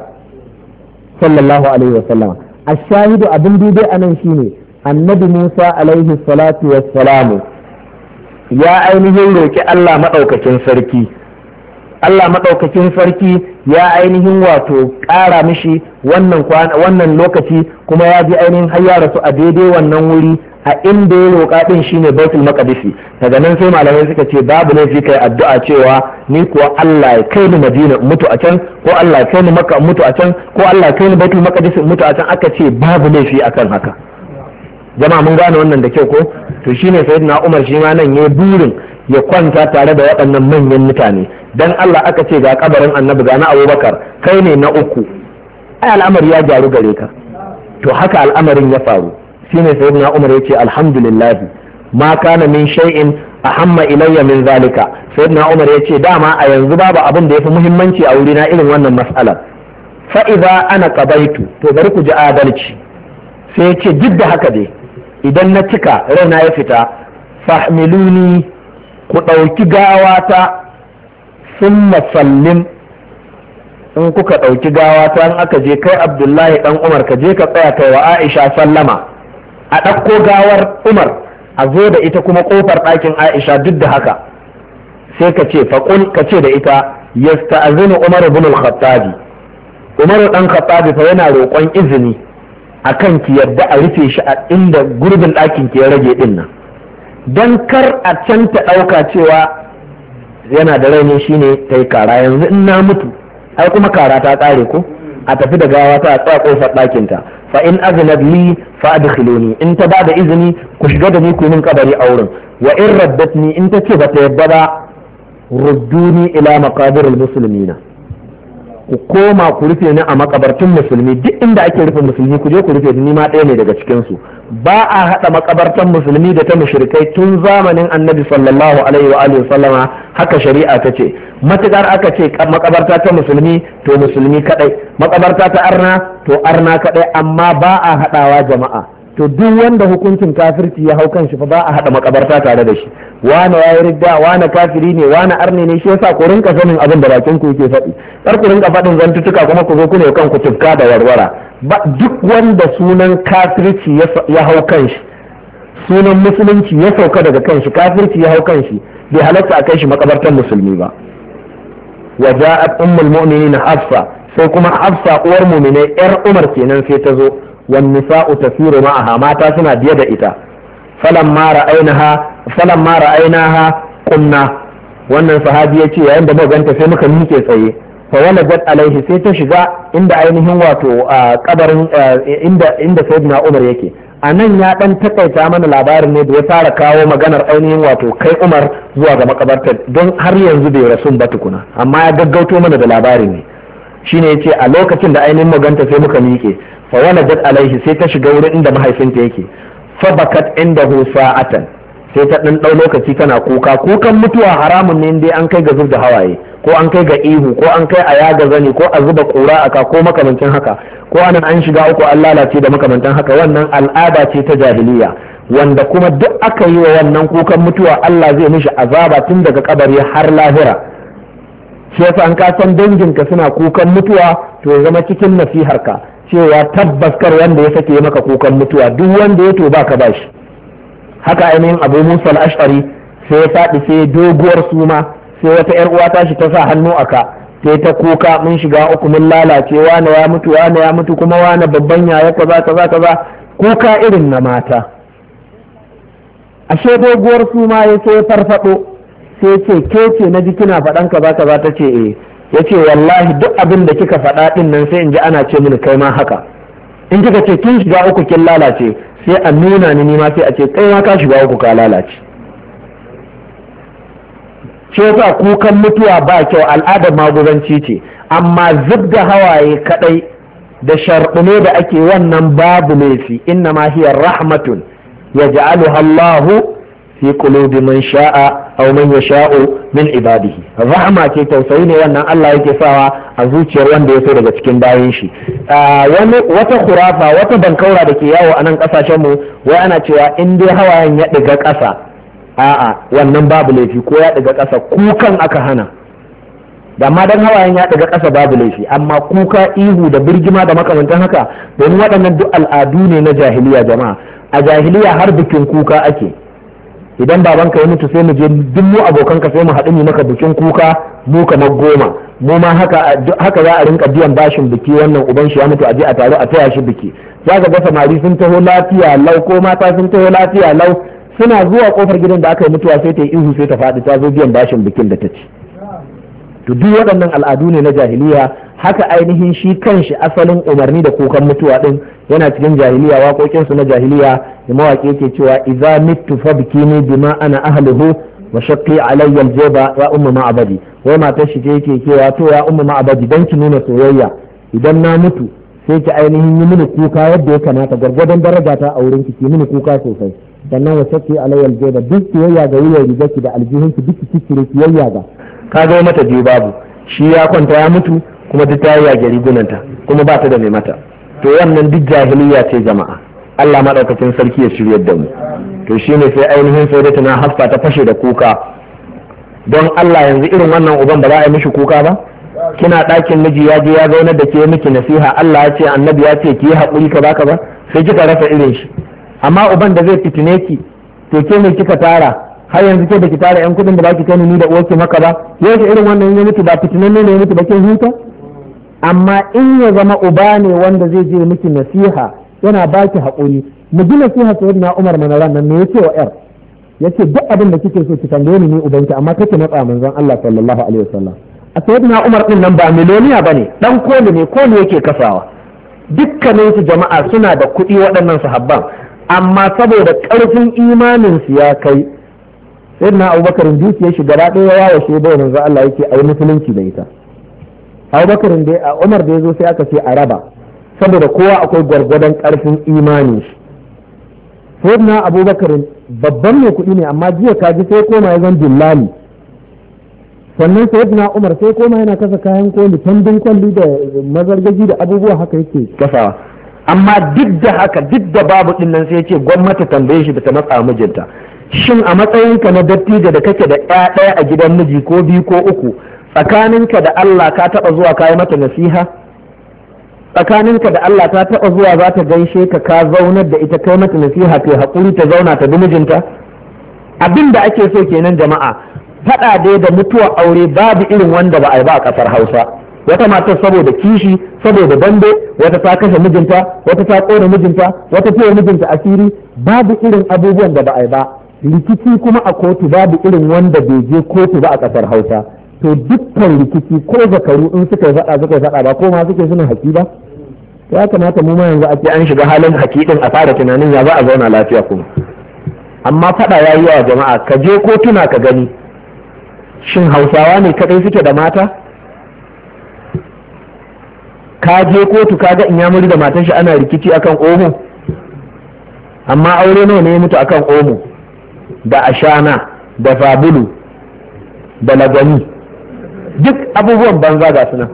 sallallahu alaihi wasallam ashahidu abin dai anan shine annabi Musa alaihi salatu wassalamu ya ainihin roƙi Allah maɗaukakin sarki Allah maɗaukakin sarki ya ainihin wato ƙara mishi wannan wannan lokaci kuma ya ji ainihin har ya rasu a daidai wannan wuri a inda ya roƙa ɗin shi ne baitul maƙadisi daga nan sai malamai suka ce babu laifi kai addu'a cewa ni kuwa Allah ya kai ni Madina mutu a can ko Allah ya kai ni Makka mutu a can ko Allah ya kai ni baitul maƙadisi mutu a can aka ce babu laifi akan haka jama'a mun gane wannan da kyau ko to shine sayyidina umar shi ma nan ya burin ya kwanta tare da waɗannan manyan mutane dan Allah aka ce ga kabarin annabi ga na abubakar kai ne na uku ai al'amari ya gyaru gare ka to haka al'amarin ya faru shine sayyidina umar ya ce alhamdulillah ma kana min shay'in ahamma ilayya min zalika sayyidina umar ya ce dama a yanzu babu abin da yafi muhimmanci a wurina irin wannan mas'alar fa idza ana qabaitu to bari ku ji adalci sai ya ce duk da haka dai idan na cika raina ya fita fahmiluni ku ɗauki gawata sun masallin in kuka ɗauki gawata in aka je kai abdullahi ɗan umar ka je ka tsaya kai wa aisha sallama a ɗakko gawar umar a zo da ita kuma ƙofar ɗakin aisha duk da haka sai ka ce faƙul ka ce da ita yasta azini umar ibn al-khattabi umar ɗan khattabi fa yana roƙon izini a kan ki yadda a rufe shi a inda gurbin ɗakin ki ya rage ɗin nan don kar a can ta ɗauka cewa yana da raini ne ta yi kara yanzu in na mutu ai kuma kara ta tsare ko a tafi da gawa ta tsaya kofar ɗakin ta fa in aznab li fa adkhiluni in ta ba da izini ku shiga da ni ku min kabari a wurin wa in raddatni in ta ce ba ta yabba ba rudduni ila maqabir muslimina ku koma ku rufe ni a makabartun musulmi duk inda ake rufe musulmi ku je ku rufe ni ma ɗaya ne daga cikin su ba a haɗa makabartan musulmi da ta mushrikai tun zamanin annabi sallallahu alaihi wa alihi sallama haka shari'a ta ce matukar aka ce makabarta ta musulmi to musulmi kaɗai, makabarta ta arna to arna kaɗai amma ba a haɗawa jama'a to duk wanda hukuncin kafirci ya hau kanshi fa ba a hada makabarta tare da shi wane yayi ridda wane kafiri ne wane arne ne shi yasa ku rinka sanin abin da bakin ku yake faɗi kar ku rinka faɗin zantutuka kuma ku zo ku ne ku tufka da warwara ba duk wanda sunan kafirci ya hau kanshi sunan musulunci ya sauka daga kanshi kafirci ya hau kanshi bai halatta a kai shi makabartar musulmi ba wa ja'at ummul mu'minin hafsa sai kuma hafsa uwar mu'mine yar umar kenan sai ta zo wan nisa'u tasiru ma'aha mata suna biye da ita falamma ra'aynaha falamma ra'aynaha kunna wannan sahabi ya ce yayin da muka sai muka miƙe tsaye fa walajat alaihi sai ta shiga inda ainihin wato kabarin inda inda sayyidina Umar yake a nan ya dan takaita mana labarin ne da ya fara kawo maganar ainihin wato kai Umar zuwa ga makabartar don har yanzu bai rasu ba tukuna amma ya gaggauto mana da labarin ne shine yace a lokacin da ainihin maganta sai muka miƙe fa wani dad alaihi sai ta shiga wurin inda mahaifinta yake fa bakat hu sa'atan sai ta ɗan ɗau lokaci tana kuka kukan mutuwa haramun ne dai an kai ga zub hawaye ko an kai ga ihu ko an kai a yaga zani ko a zuba kura aka ko makamancin haka ko anan an shiga uku an lalace da makamancin haka wannan al'ada ce ta jahiliya wanda kuma duk aka yi wa wannan kukan mutuwa Allah zai mishi azaba tun daga kabari har lahira shi yasa an ka san danginka suna kukan mutuwa to ya zama cikin nasiharka cewa tabbas kar wanda ya sake maka kukan mutuwa duk wanda ya to ka bashi haka ainihin abu musa al'ashari ashari sai ya faɗi sai doguwar suma sai wata yar uwa shi ta sa hannu a ka sai ta kuka mun shiga uku mun lalace wane ya mutu wane ya mutu kuma wane babban yaya kaza kaza kaza kuka irin na mata ashe doguwar suma ya sai farfado sai ce ke ce na ji kina faɗan kaza kaza ta ce eh yace wallahi duk abin da kika faɗa din nan sai in ji ana ce mini kai ma haka in kika ce kin shiga uku kin lalace sai a nuna ni ma sai a ce kai ma ka shiga uku ka lalace ce ta kukan mutuwa ba kyau al'adar magudanci ce amma zub da hawaye kadai da sharɗume da ake wannan babu laifi inna ma hiya rahmatun ya ja'aluha Allahu fi qulubi man sha'a aw man yasha'u min ibadihi rahma ce tausayi ne wannan Allah yake sawa a zuciyar wanda ya so daga cikin bayan shi wata khurafa wata bankaura da ke yawo a nan kasashen mu wai ana cewa in dai hawayen ya diga ƙasa a'a wannan babu laifi ko ya diga kasa kukan aka hana da ma dan hawayen ya diga kasa babu laifi amma kuka ihu da birgima da makamantan haka domin waɗannan duk al'adu ne na jahiliya jama'a a jahiliya har bikin kuka ake idan baban ka ya mutu sai mu je duk mu abokanka sai mu haɗu mu maka bikin kuka mu kamar goma mu ma haka haka za a rinka biyan bashin biki wannan uban shi ya mutu a je a taru a taya shi biki za ga samari sun taho lafiya lau ko mata sun taho lafiya lau suna zuwa kofar gidan da aka yi mutuwa sai ta yi ihu sai ta faɗi ta zo biyan bashin bikin da ta ci to duk waɗannan al'adu ne na jahiliya haka ainihin shi kanshi asalin umarni da kukan mutuwa ɗin yana cikin jahiliya waƙoƙinsu na jahiliya da mawaƙi yake cewa idza mittu fabkini bima ana ahluhu wa shaqqi alayya aljaba ya ummu ma'abadi wai matar shi yake cewa to ya ummu ma'abadi dan ki nuna soyayya idan na mutu sai ki ainihin yi mini kuka yadda ya kamata gwargwadon daraja ta a wurin ki ki mini kuka sosai sannan wa shaqqi alayya duk soyayya ga wuyar rigarki da ki duk ki kire kiyayya ga ka ga mata je babu shi ya kwanta ya mutu kuma duk ta yi a rigunanta kuma ba ta da mai mata to wannan duk jahiliya ce jama'a Allah maɗaukacin sarki ya shirya da mu to shi ne sai ainihin sai na hafsa ta fashe da kuka don Allah yanzu irin wannan uban ba za a yi mishi kuka ba kina ɗakin miji ya je ya zaunar da ke miki nasiha Allah ya ce annabi ya ce ki yi haƙuri ka baka ba sai kika rasa irin shi amma uban da zai fitine ki to ke ne kika tara har yanzu ke ki tara yan kuɗin da baki kai ni da uwarki maka ba yau irin wannan ya miki ba fitinan ne ya miki ba kin huta amma in ya zama uba ne wanda zai je miki nasiha yana ba ki haƙuri mu gina su hasu na Umar mana ranar me yace wa yar yace duk abin da kike so ki tambaye ni ne ubanki amma kake matsa manzon Allah sallallahu alaihi wasallam a na Umar din nan ba miloniya bane dan koli ne koli yake kasawa dukkanin su jama'a suna da kuɗi waɗannan sahabban amma saboda ƙarfin imanin su ya kai na Abubakar dukiya shi gaba ɗaya ya washe bai manzon Allah yake ayi musulunci da ita Abubakar dai Umar da zo sai aka ce a raba saboda kowa akwai gwargwadon karfin imani shi sayyidina abubakar babban mai kuɗi ne amma jiya kaji sai koma ya zan dillali sannan sayyidina umar sai koma yana kasa kayan koli tambin kwalli da mazargaji da abubuwa haka yake kasawa amma duk da haka duk da babu din nan sai ce gwamnati tambaye shi da ta matsa mijinta shin a matsayinka na dattijo da kake da ɗaya a gidan miji ko biyu ko uku tsakaninka da Allah ka taɓa zuwa kayi mata nasiha tsakaninka da Allah ta taɓa zuwa za ta gaishe ka ka zaunar da ita kai mata nasiha ke haƙuri ta zauna ta bi mijinta abin da ake so kenan jama'a faɗa dai da mutuwa aure babu irin wanda ba a yi ba a ƙasar hausa wata matar saboda kishi saboda bande wata ta kashe mijinta wata ta ƙona mijinta wata ta mijinta asiri babu irin abubuwan da ba a yi ba rikici kuma a kotu babu irin wanda bai je kotu ba a ƙasar hausa to dukkan rikici ko zakaru in suka yi faɗa suka yi faɗa ba ko ma suke suna haƙi ba ya kamata mu ma yanzu a ce an shiga halin hakikin a fara tunanin ya za a zauna lafiya kuma amma faɗa ya yi wa jama'a ka je kotuna ka gani shin hausawa ne kadai suke da mata ka je kotu ka ga muri da matan shi ana rikici akan omo amma aure nawa ne ya mutu akan omo da ashana da fabulu da lagani duk abubuwan banza ga suna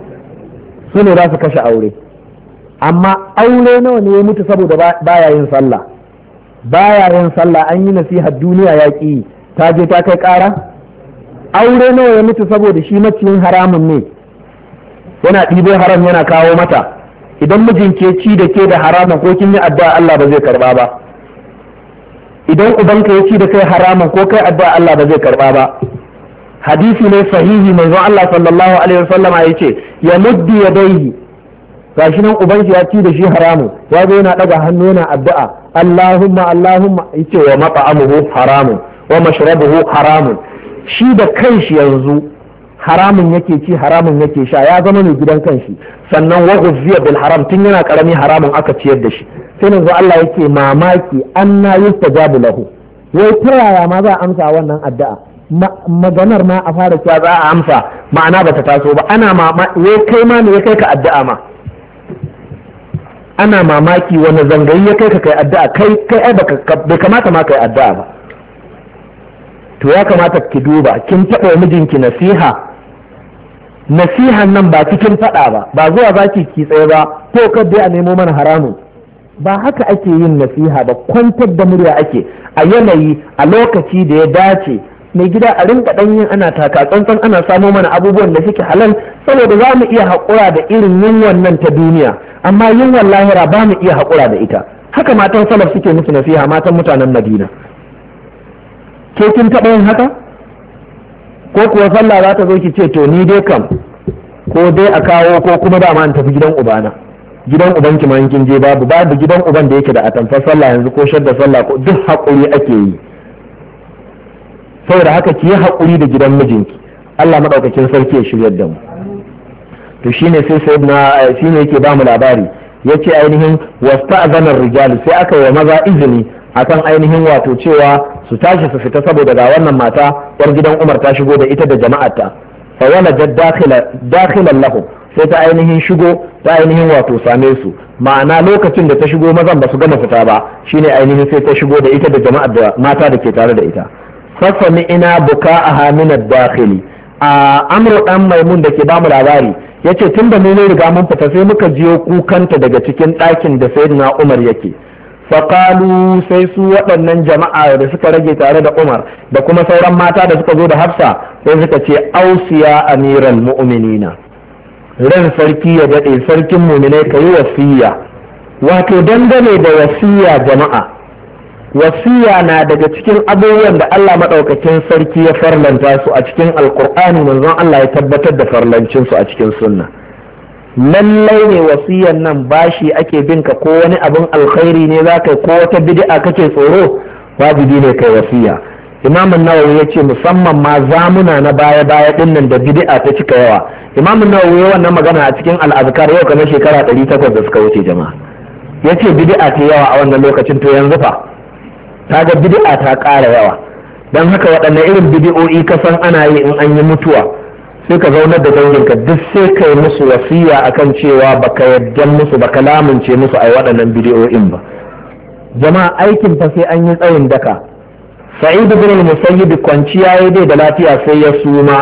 su ne za su kashe aure amma aure nawa ne ya mutu saboda baya yin sallah baya yin sallah an yi nasihar duniya ya ki ta je ta kai ƙara aure nawa ya mutu saboda shi maciyin haramun ne yana ɗibo haram yana kawo mata idan mijin ke ci da ke da haramun ko kin yi addu'a Allah ba zai karba ba idan ubanka ya ci da kai haramun ko kai addu'a Allah ba zai karba ba hadisi ne sahihi manzon Allah sallallahu alaihi wasallama ya ce ya muddi yadayhi gashi nan uban shi ya ci da shi haramu ya zo yana daga hannu yana addu'a Allahumma Allahumma yace wa mat'amuhu haramun wa mashrabuhu haramun shi da kanshi yanzu haramun yake ci haramun yake sha ya zama mai gidan kanshi sannan wa ghuzziya bil haram tun yana karami haramun aka ciyar da shi sai yanzu Allah yake mamaki anna yustajabu lahu wai turaya ma za a amsa wannan addu'a maganar ma a fara cewa za a amsa ma'ana bata taso ba ana ma kai ma ne ya kai ka addu'a ma ana mamaki wani zangayi ya kai ka kai addu'a kai kai ai bai kamata ma kai addu'a ba to ya kamata ki duba kin taɓa mijinki nasiha nasihan nan ba cikin faɗa ba ba zuwa zaki ki tsaye ba ko dai a nemo mana haramun ba haka ake yin nasiha ba kwantar da murya ake a yanayi a lokaci da ya dace mai gida a rinka ɗan yin ana taka tsantsan ana samo mana abubuwan da suke halal saboda za mu iya haƙura da irin yin wannan ta duniya amma yunwar lahira ba mu iya haƙura da ita haka matan salaf suke musu nasiha matan mutanen madina ke kin taɓa yin haka ko kuwa sallah za ta zo ki ce to ni dai kam ko dai a kawo ko kuma ma in tafi gidan uba na gidan uban ki ma kin je babu babu gidan uban da yake da atamfar sallah yanzu ko shadda sallah ko duk haƙuri ake yi saboda haka ki yi haƙuri da gidan mijinki Allah maɗaukakin sarki ya shiryar da mu to shine sai sai na eh, shine yake ba mu labari yace ainihin wasta'zana rijal sai aka yi maza izini akan ainihin wato cewa su tashi su fita saboda ga wannan mata yar gidan Umar ta shigo da ita da jama'arta fa wala dakhilan lahu sai ta ainihin shigo ta ainihin wato same su ma'ana lokacin da ta shigo mazan ba su gama fita ba shine ainihin sai ta shigo da ita da jama'ar da mata da ke tare da ita fasami ina buka a haminar dakhili a amru dan maimun da ke bamu labari ya ce tun da mu ne riga mun fita sai muka jiyo kukanta daga cikin ɗakin da na umar yake faƙalu sai su waɗannan jama'a da suka rage tare da umar da kuma sauran mata da suka zo da hafsa sai suka ce ausiya amiral mu'minina ran sarki ya daɗe sarkin muminai ka yi wasiya wato dangane da wasiya jama'a wasiya na daga cikin abubuwan da Allah maɗaukakin sarki ya farlanta su a cikin alkur'ani manzon Allah ya tabbatar da farlancin su a cikin sunna lallai ne wasiyan nan bashi ake bin ka ko wani abin alkhairi ne za ka ko wata bid'a kake tsoro wajibi ne kai wasiya imam nawawi ya ce musamman ma zamuna na baya baya din nan da bid'a ta cika yawa imam nawawi ya wannan magana a cikin al'azkar yau kamar shekara 800 da suka wuce jama'a yace bid'a ta yawa a wannan lokacin to yanzu fa kaga bid'a ta ƙara yawa don haka waɗanne irin bid'o'i ka san ana yi in an yi mutuwa sai ka zaunar da danginka duk sai ka yi musu wasiya akan cewa baka yarda musu ba ka lamunce musu a waɗannan bid'o'in ba jama'a aikin fa sai an yi tsayin daka sa'idu bin al-musayyib kwanciya ya dai da lafiya sai ya suma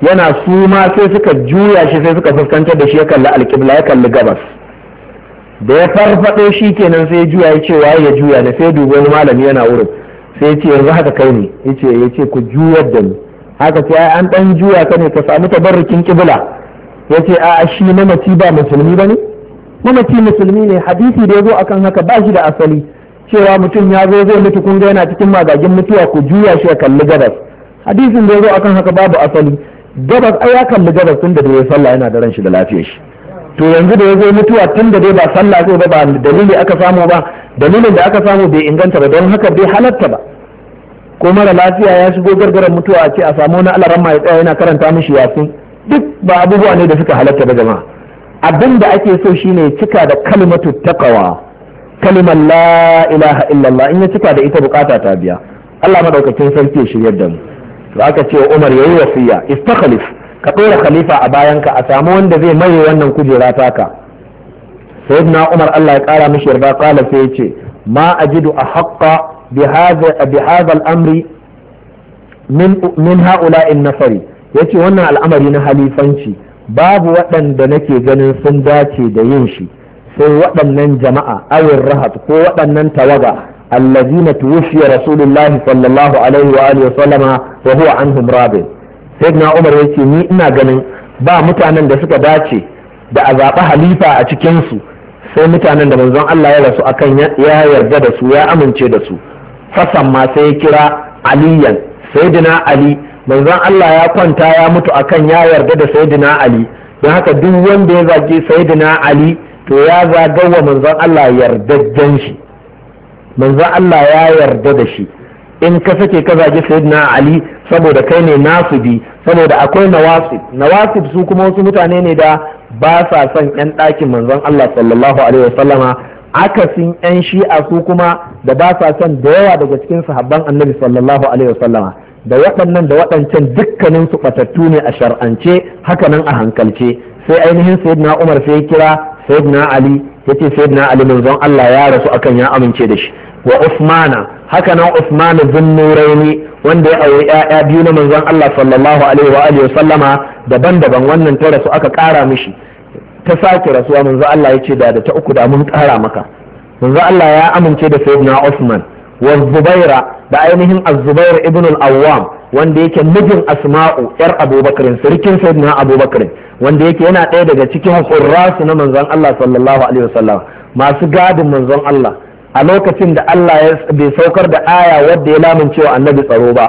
yana suma sai suka juya shi sai suka fuskantar da shi ya kalli alƙibla ya kalli gabas da ya farfaɗo shi kenan sai juya ya ce waye ya juya da sai dubi wani malami yana wurin sai ya ce yanzu haka kai ne ya ce ku juyar da ni haka ce ai an dan juya ka ne ka samu tabarrukin kibla ce a shi mamaci ba musulmi ba ne mamaci musulmi ne hadisi da ya zo akan haka ba shi da asali cewa mutum ya zo zai mutu kun ga yana cikin magagin mutuwa ku juya shi a kalli gabas hadisin da ya zo akan haka babu asali gabas ai ya kalli gabas tun da ya sallah yana da ran shi da lafiyar shi to yanzu da ya zo mutuwa tun da dai ba sallah zai ba ba dalili aka samu ba dalilin da aka samu bai inganta ba don haka bai halatta ba ko mara lafiya ya shigo gargaran mutuwa a ce a samu na alaran mai tsaya yana karanta mishi yasin duk ba abubuwa ne da suka halatta ba jama'a abin da ake so shine cika da kalmatu taqwa kalimar la ilaha illallah in ya cika da ita bukata ta biya Allah madaukakin sarki ya shiryar da mu to aka ce Umar yayi wasiya istakhlif ka ɗora khalifa a bayanka a samu wanda zai maye wannan kujera taka sayyidina umar allah ya kara mishi yarda kala sai ce ma ajidu a haƙƙa bi hadha al'amri min ha'ula'in nasari ya wannan al'amari na halifanci babu waɗanda nake ganin sun dace da yin shi sai waɗannan jama'a awin rahat ko waɗannan tawaga allazina tuwfiya rasulullahi sallallahu alaihi wa alihi wa sallama wa huwa anhum rabin sayyidina umar ya ce ni ina ganin ba mutanen da suka dace da a zaɓi halifa a cikinsu sai mutanen da manzon Allah ya rasu akan ya yarda da su ya amince da su fasan ma sai ya kira aliyan sayyidina ali manzon Allah ya kwanta ya mutu akan ya yarda da sayyidina ali don haka duk wanda ya zagi sayyidina ali to ya wa manzon Allah yardajjen shi manzon Allah ya yarda da shi in ka sake ka zagi sayyidina ali saboda kai ne nasibi saboda akwai nawasib nawasib su kuma wasu mutane ne da ba sa son yan ɗakin manzon Allah sallallahu alaihi wasallama akasin yan shi'a su kuma da ba sa son da yawa daga cikin sahabban annabi sallallahu alaihi wasallama da waɗannan da waɗancan dukkanin su batattu ne a shar'ance haka nan a hankalce sai ainihin sayyidina Umar sai kira sayyidina Ali yace sayyidina Ali manzon Allah ya rasu akan ya amince da shi wa Usmana haka nan Uthman bin Nuraini wanda ya aure ƴaƴa biyu na manzon Allah sallallahu alaihi wa alihi sallama daban-daban wannan ta rasu aka kara mishi ta sake rasuwa manzon Allah ya ce da da ta uku da mun kara maka manzon Allah ya amince da sayyidina Usman wa Zubaira da ainihin Az-Zubair ibn al-Awwam wanda yake mijin Asma'u yar Abubakar sirkin sayyidina Abubakar wanda yake yana ɗaya daga cikin hurrasu na manzon Allah sallallahu alaihi wasallam masu gadin manzon Allah a lokacin da Allah ya bai saukar da aya wadda ya lamuncewa annabi tsaro ba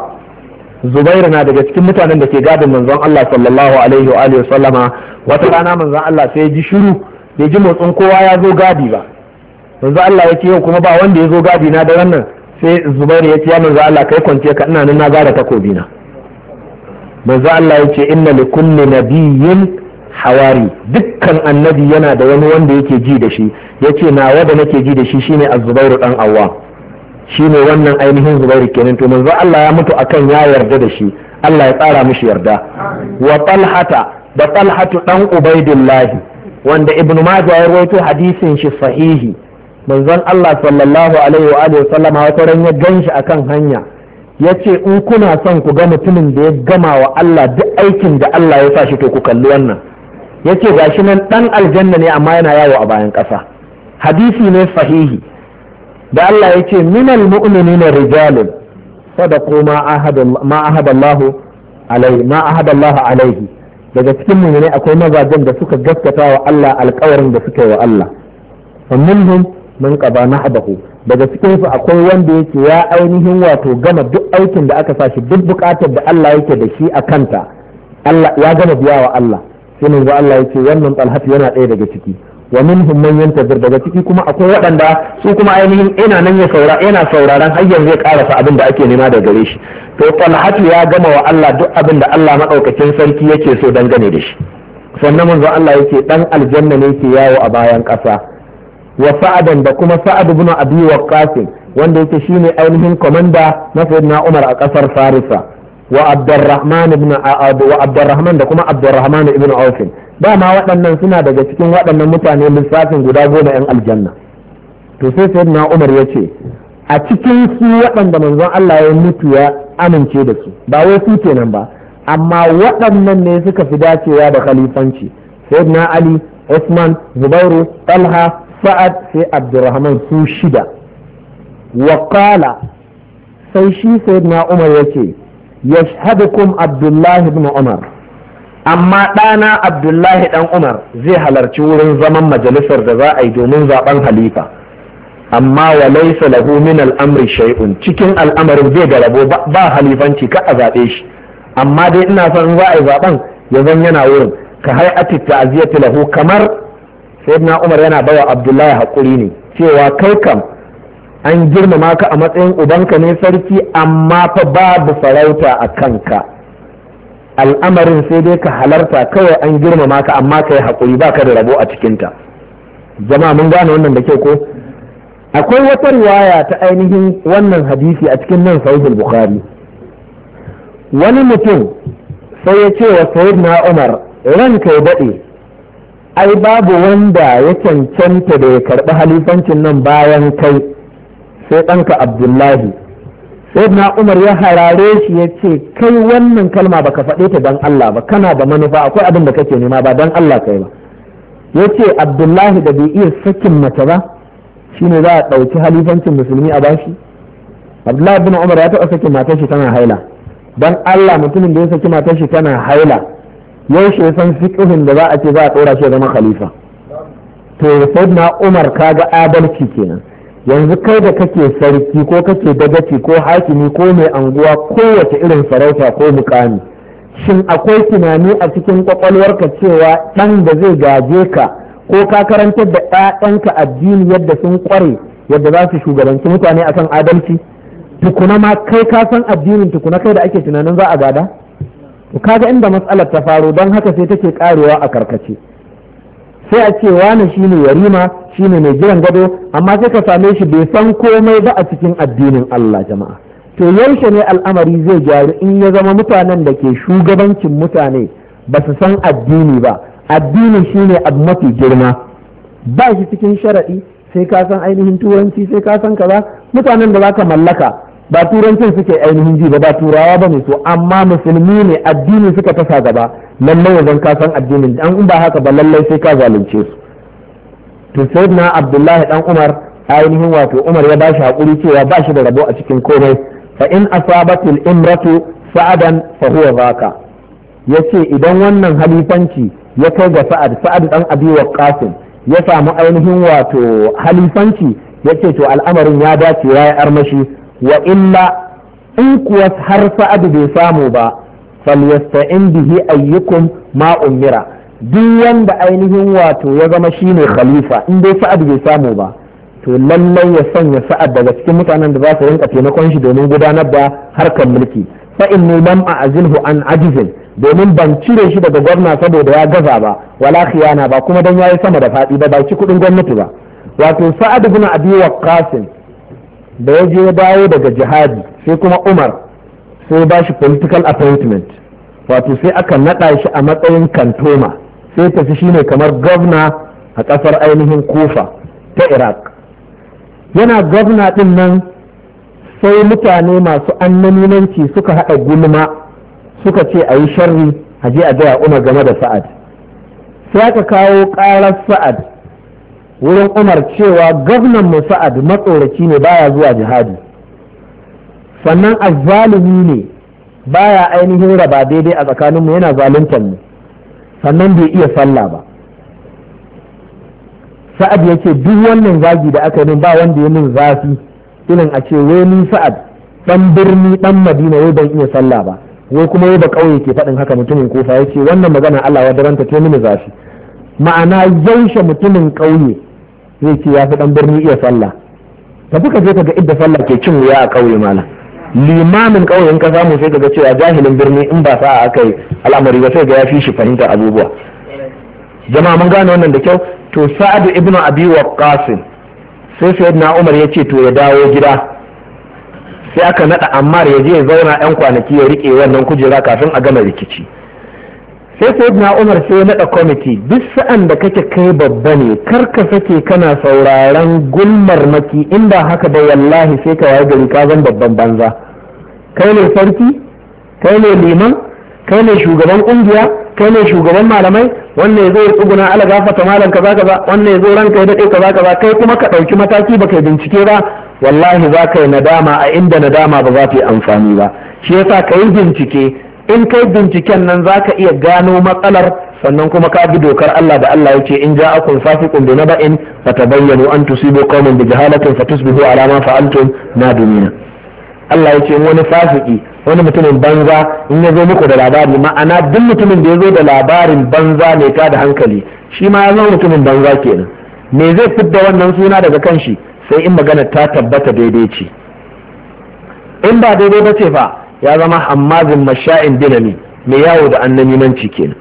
zubairu na daga cikin mutanen da ke gadin manzon Allah sallallahu alaihi wa alihi sallama wata rana manzon Allah sai ya ji shiru bai ji motsin kowa ya zo gadi ba manzon Allah ya ce yau kuma ba wanda ya zo gadi na da wannan sai zubairu ya ce ya manzon Allah kai kwance ka ina nan na gara takobi na manzon Allah ya ce inna likulli nabiyyin hawari dukkan annabi yana da wani wanda yake ji da shi yace nawa da nake ji da shi shine azubairu zubairu dan awa shine wannan ainihin zubairu kenan to manzo Allah ya mutu akan ya yarda da shi Allah ya tsara mishi yarda wa talhata da talhatu dan ubaidullahi wanda ibnu majah ya rawaito hadisin shi sahihi manzon Allah sallallahu alaihi wa alihi sallama wata ganshi akan hanya yace in kuna son ku ga mutumin da ya gama wa Allah duk aikin da Allah ya sa shi to ku kalli wannan ya ce gashi nan ɗan aljanna ne amma yana yawo a bayan kasa hadisi ne sahihi da Allah ya ce minal mu'minina rijalun sadaqu ma ahadallahu alaihi ma ahadallahu alaihi daga cikin mu'minai akwai mazajen da suka gaskata wa Allah alƙawarin da suka yi wa Allah fa minhum man qada nahbahu daga cikin su akwai wanda yake ya ainihin wato gama duk aikin da aka sa shi duk bukatar da Allah yake da shi a kanta Allah ya gama biya wa Allah sai manzo Allah ya ce wannan talhat yana ɗaya daga ciki wa minhum man yantazir daga ciki kuma akwai waɗanda su kuma ainihin ina nan ya saura yana sauraron har yanzu ya karasa abin da ake nema da gare shi to talhat ya gama wa Allah duk abin da Allah madaukakin sarki yake so dangane da shi sannan manzo Allah yake dan aljanna ne yake yawo a bayan ƙasa wa sa'adan da kuma sa'ad ibn abi waqqas wanda yake shine ainihin komanda na sayyidina Umar a ƙasar Farisa wa abdurrahman ibn da kuma abdurrahman ibn auf dama waɗannan suna daga cikin waɗannan mutane lissafin guda goma yan aljanna to sai sayyidina umar ya ce a cikin su waɗanda manzon Allah ya mutu ya amince da su ba wai su kenan ba amma waɗannan ne suka fi dacewa da khalifanci sayyidina ali usman zubairu talha sa'ad sai abdurrahman su shida wa sai shi sayyidina umar ya ce yashhadukum abdullahi ibn umar amma ɗana abdullahi ɗan umar zai halarci wurin zaman majalisar da za a yi domin zaben halifa amma wa laisa lahu min al'amri shay'un cikin al'amarin zai garabo ba halifanci ka a zaɓe shi amma dai ina son za a yi zaben ya zan yana wurin ka hai ati lahu kamar sayyidina umar yana bawa abdullahi hakuri ne cewa kai kam an girmama ka a matsayin ubanka ne sarki amma fa babu farauta a kanka al'amarin sai dai ka halarta kawai an girmama ka amma ka yi haƙuri ba ka da rabo a cikinta jama'a mun gane wannan da ke ko akwai wata riwaya ta ainihin wannan hadisi a cikin nan sahihul bukhari wani mutum sai ya ce wa sayyidina umar ranka ya daɗe ai babu wanda ya cancanta da ya karɓi halifancin nan bayan kai sai ɗanka abdullahi sai na umar ya harare shi ya ce kai wannan kalma baka faɗe ta don Allah ba kana da manufa akwai abin da kake nema ba don Allah kai ba ya ce abdullahi da bai iya sakin mace ba shine za a ɗauki halifancin musulmi a bashi abdullahi bin umar ya taɓa sakin matar shi tana haila don Allah mutumin da ya saki matar shi tana haila yaushe san fiƙihin da za a ce za a ɗora shi zama khalifa to sai na umar kaga adalci kenan yanzu kai da kake sarki ko kake dagaci ko hakimi ko mai anguwa kowace irin sarauta ko mukami shin akwai tunani a cikin kwakwalwarka cewa ɗan da zai gaje ka ko ka karantar da 'ya'yanka addini yadda sun kware yadda za su shugabanci mutane akan adalci tukuna ma kai ka san addinin tukuna kai da ake tunanin za a gada kaga inda matsalar ta faro don haka sai take karewa a karkace sai a ce wane shine yarima shine mai jiran gado amma sai ka same shi bai san komai ba a cikin addinin Allah jama'a to yaushe ne al'amari zai gyaru in ya zama mutanen da ke shugabancin mutane ba su san addini ba addini shine abu mafi girma ba shi cikin sharaɗi sai ka san ainihin turanci sai ka san kaza mutanen da zaka mallaka ba turancin suke ainihin ji ba ba turawa ba ne so amma musulmi ne addini suka tasa gaba lallai wajen ka san addinin an ba haka ba lallai sai ka zalunce su to sayyidina abdullahi dan umar ainihin wato umar ya bashi hakuri cewa ba shi da rabo a cikin komai fa in asabatil imratu sa'adan fa huwa zaka yace idan wannan halifanci ya kai ga sa'ad sa'ad dan abi waqasim ya samu ainihin wato halifanci yace to al'amarin ya dace ya yi armashi wa illa in kuwa har sa'ad bai samu ba falyasta'in bihi ayyukum ma umira duk wanda ainihin wato ya zama shine khalifa in dai sa'ad bai samu ba to lallai ya sanya sa'ad daga cikin mutanen da za su rinka taimakon shi domin gudanar da harkar mulki fa inni lam a'zilhu an ajizin domin ban cire shi daga gwamna saboda ya gaza ba wala khiyana ba kuma dan yayi sama da fadi ba ba ci kudin gwamnati ba wato sa'ad ibn abi waqqas da ya je dawo daga jihadi sai kuma umar sai ba shi political appointment wato sai aka nada shi a matsayin kantoma sai tafi shine kamar gwamna a ƙasar ainihin kufa ta iraq yana gwamna ɗin nan sai mutane masu annaninanci suka haɗa gulma suka ce a yi sharri a je a gaya umar game da sa'ad sai aka kawo ƙarar sa'ad wurin umar cewa gwamnan mu sa'ad matsoraci ne baya zuwa jihadi sannan azzalumi ne baya ainihin raba daidai a tsakaninmu yana zaluntar mu sannan bai iya sallah ba sa'ad ya ce duk wannan zagi da aka yi ba wanda ya min zafi irin a ce wai ni sa'ad dan birni dan madina wai ban iya sallah ba wai kuma wai ba kauye ke faɗin haka mutumin kofa ya ce wannan magana Allah wadaranta ta mini zafi ma'ana yaushe mutumin kauye zai ce ya fi dan birni iya sallah tafi ka je ka ga idda sallah ke cin wuya a kauye malam limamin ƙauyen ka samu sai kaga cewa jahilin birni in ba sa'a aka yi al'amari ba sai ga ya fi shi fahimtar abubuwa jama mun gane wannan da kyau to sa'adu ibnu abi waqqas sai na umar ya ce to ya dawo gida sai aka nada ammar ya je ya zauna yan kwanaki ya rike wannan kujera kafin a gama rikici sai na umar sai ya nada kwamiti duk sa'an da kake kai babba ne kar ka sake kana sauraron gulmar maki inda haka ba wallahi sai ka waye gari ka zan babban banza kai ne sarki kai ne liman kai ne shugaban kungiya kai ne shugaban malamai wannan zai tsuguna ala gafata malam kaza kaza wannan zo ranka ya dade kaza kaza kai kuma ka dauki mataki baka bincike ba wallahi za ka yi nadama a inda nadama ba za ta yi amfani ba shi yasa ka yi bincike in kai binciken nan za ka iya gano matsalar sannan kuma ka bi dokar Allah da Allah yake in ja akun fasiqun bi naba'in fatabayyanu an tusibu qauman bi jahalatin fatusbihu ala ma fa'altum nadumina Allah ya ce wani fasiki wani mutumin banza in ya zo muku da labari ma'ana duk mutumin da ya zo da labarin banza mai ta da hankali shi ma ya zama mutumin banza kenan me zai fidda wannan suna daga kan shi sai in magana ta tabbata daidai ce in ba daidai ba ce fa ya zama hammazin masha'in dinami mai yawo da annamimanci kenan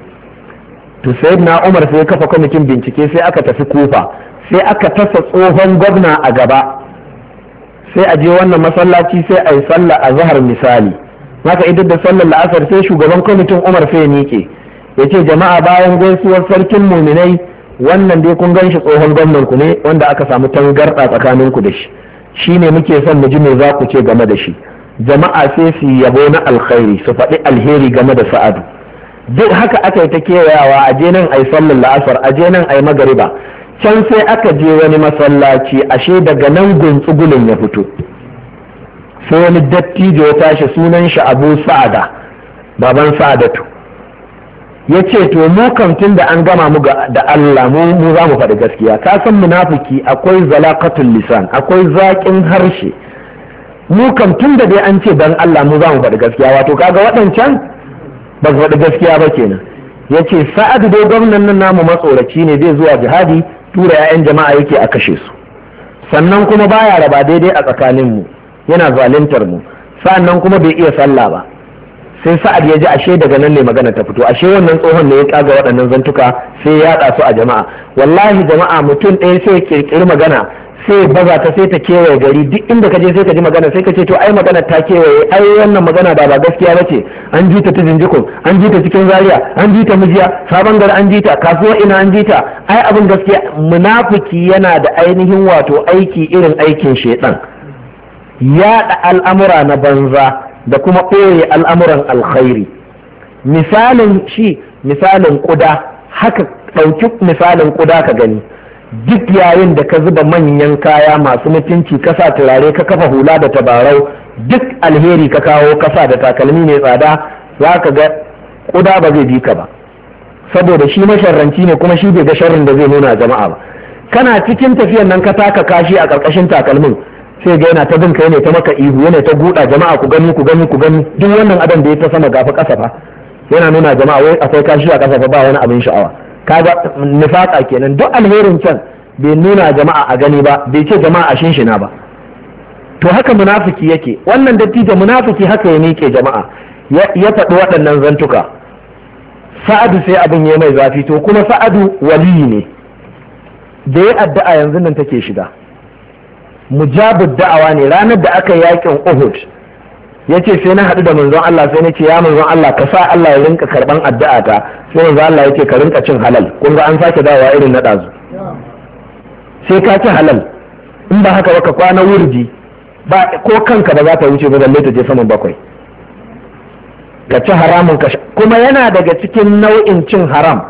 to sai na umar sai kafa kwamitin bincike sai aka tafi kufa sai aka tasa tsohon gwamna a gaba sai a je wannan masallaci sai a yi sallah a zahar misali haka idan da sallar la'asar sai shugaban kwamitin umar sai nike ya ce jama'a bayan gaisuwar sarkin muminai wannan dai kun gan shi tsohon gwamnan ku ne wanda aka samu tangarɗa tsakanin ku da shi shine muke son mu ji me za ku ce game da shi jama'a sai su yabo na alkhairi su faɗi alheri game da sa'adu duk haka aka yi ta kewayawa a je nan yi sallar la'asar a je nan yi magariba can sai aka je wani masallaci ashe daga nan guntsugulin ya fito sai wani dattijo ya tashi sunan shi abu sa'ada baban sa'adatu ya ce to mu tun da an gama mu da Allah mu mu za mu faɗi gaskiya ka san munafiki akwai zalaqatul lisan akwai zaƙin harshe mu tun da dai an ce dan Allah mu za mu faɗi gaskiya wato kaga waɗancan ba su faɗi gaskiya ba kenan ya ce sa'adu dai gwamnan nan namu matsoraci ne zai zuwa jihadi tura 'ya'yan jama'a yake a kashe su sannan kuma baya raba daidai a tsakanin mu yana zaluntar mu sannan kuma bai iya sallah ba sai sa'ad ya ji ashe daga nan ne magana ta fito ashe wannan tsohon ne ya kaga waɗannan zantuka sai ya su a jama'a wallahi jama'a mutum ɗaya sai ya kirkiri magana sai baza ta sai ta kewaye gari duk inda ka je sai ka ji magana sai ka ce to ai magana ta kewaye ai wannan magana da ba gaskiya ba ce an ji ta ta jinjikun an ji ta cikin zariya, an ji ta mijiya sabon gari an ji ta kasuwa ina an ji ta ai abin gaskiya munafiki yana da ainihin wato aiki irin aikin shedan yaɗa al'amura na banza da kuma ɓoye al'amuran alkhairi misalin shi misalin kuda haka ɗauki misalin kuda ka gani duk yayin da ka zuba manyan kaya masu mutunci kasa turare ka kafa hula da tabarau duk alheri ka kawo kasa da takalmi mai tsada za ka ga kuda ba zai bi ka ba saboda shi masharranci ne kuma shi bai ga sharrin da zai nuna jama'a ba kana cikin tafiyan nan ka taka kashi a ƙarƙashin takalmin sai ga yana ta bin kai ne ta maka ihu yana ta guda jama'a ku gani ku gani ku gani duk wannan adam da ya ta sama gafa ƙasa fa yana nuna jama'a wai akwai kashi a ƙasa fa ba wani abin sha'awa kaga nifaka kenan duk alherin can bai nuna jama'a a gani ba bai ce jama'a a shinshina ba to haka munafiki yake wannan dattijo munafiki haka ya miƙe jama'a ya faɗi waɗannan zantuka sa'adu sai abin ya mai zafi to kuma sa'adu waliyi ne da ya addu'a yanzu nan take shiga mujabud da'awa ne ranar da aka yakin uhud ya ce sai na haɗu da manzon Allah sai na ce ya manzon Allah ka sa Allah ya rinka karɓan addu'a ta sai manzon Allah ya ka rinka cin halal kun ga an sake dawowa irin na ɗazu sai ka ci halal in ba haka ba ka kwana wurji ba ko kanka ba za ta wuce ba zalle ta je saman bakwai ka ci haramun ka kuma yana daga cikin nau'in cin haram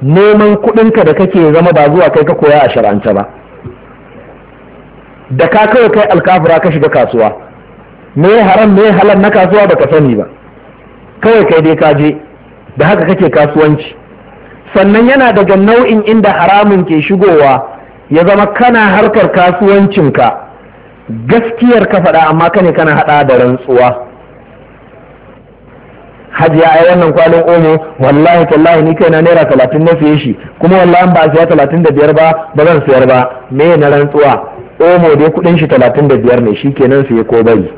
neman kuɗin ka da kake zama ba zuwa kai ka koya a shar'ance ba da ka kawai kai alkafura ka shiga kasuwa me haram me halal na kasuwa ka sani ba kawai kai dai ka je da haka kake kasuwanci sannan yana daga nau'in inda haramun ke shigowa ya zama kana harkar kasuwancinka gaskiyar ka faɗa amma kane kana haɗa da rantsuwa hajiya ai wannan kwalin omo wallahi tallahi ni kaina naira talatin na siye shi kuma wallahi ba a siya talatin da biyar ba ba zan siyar ba me na rantsuwa omo dai kuɗin shi talatin da biyar ne shi kenan siye ko bai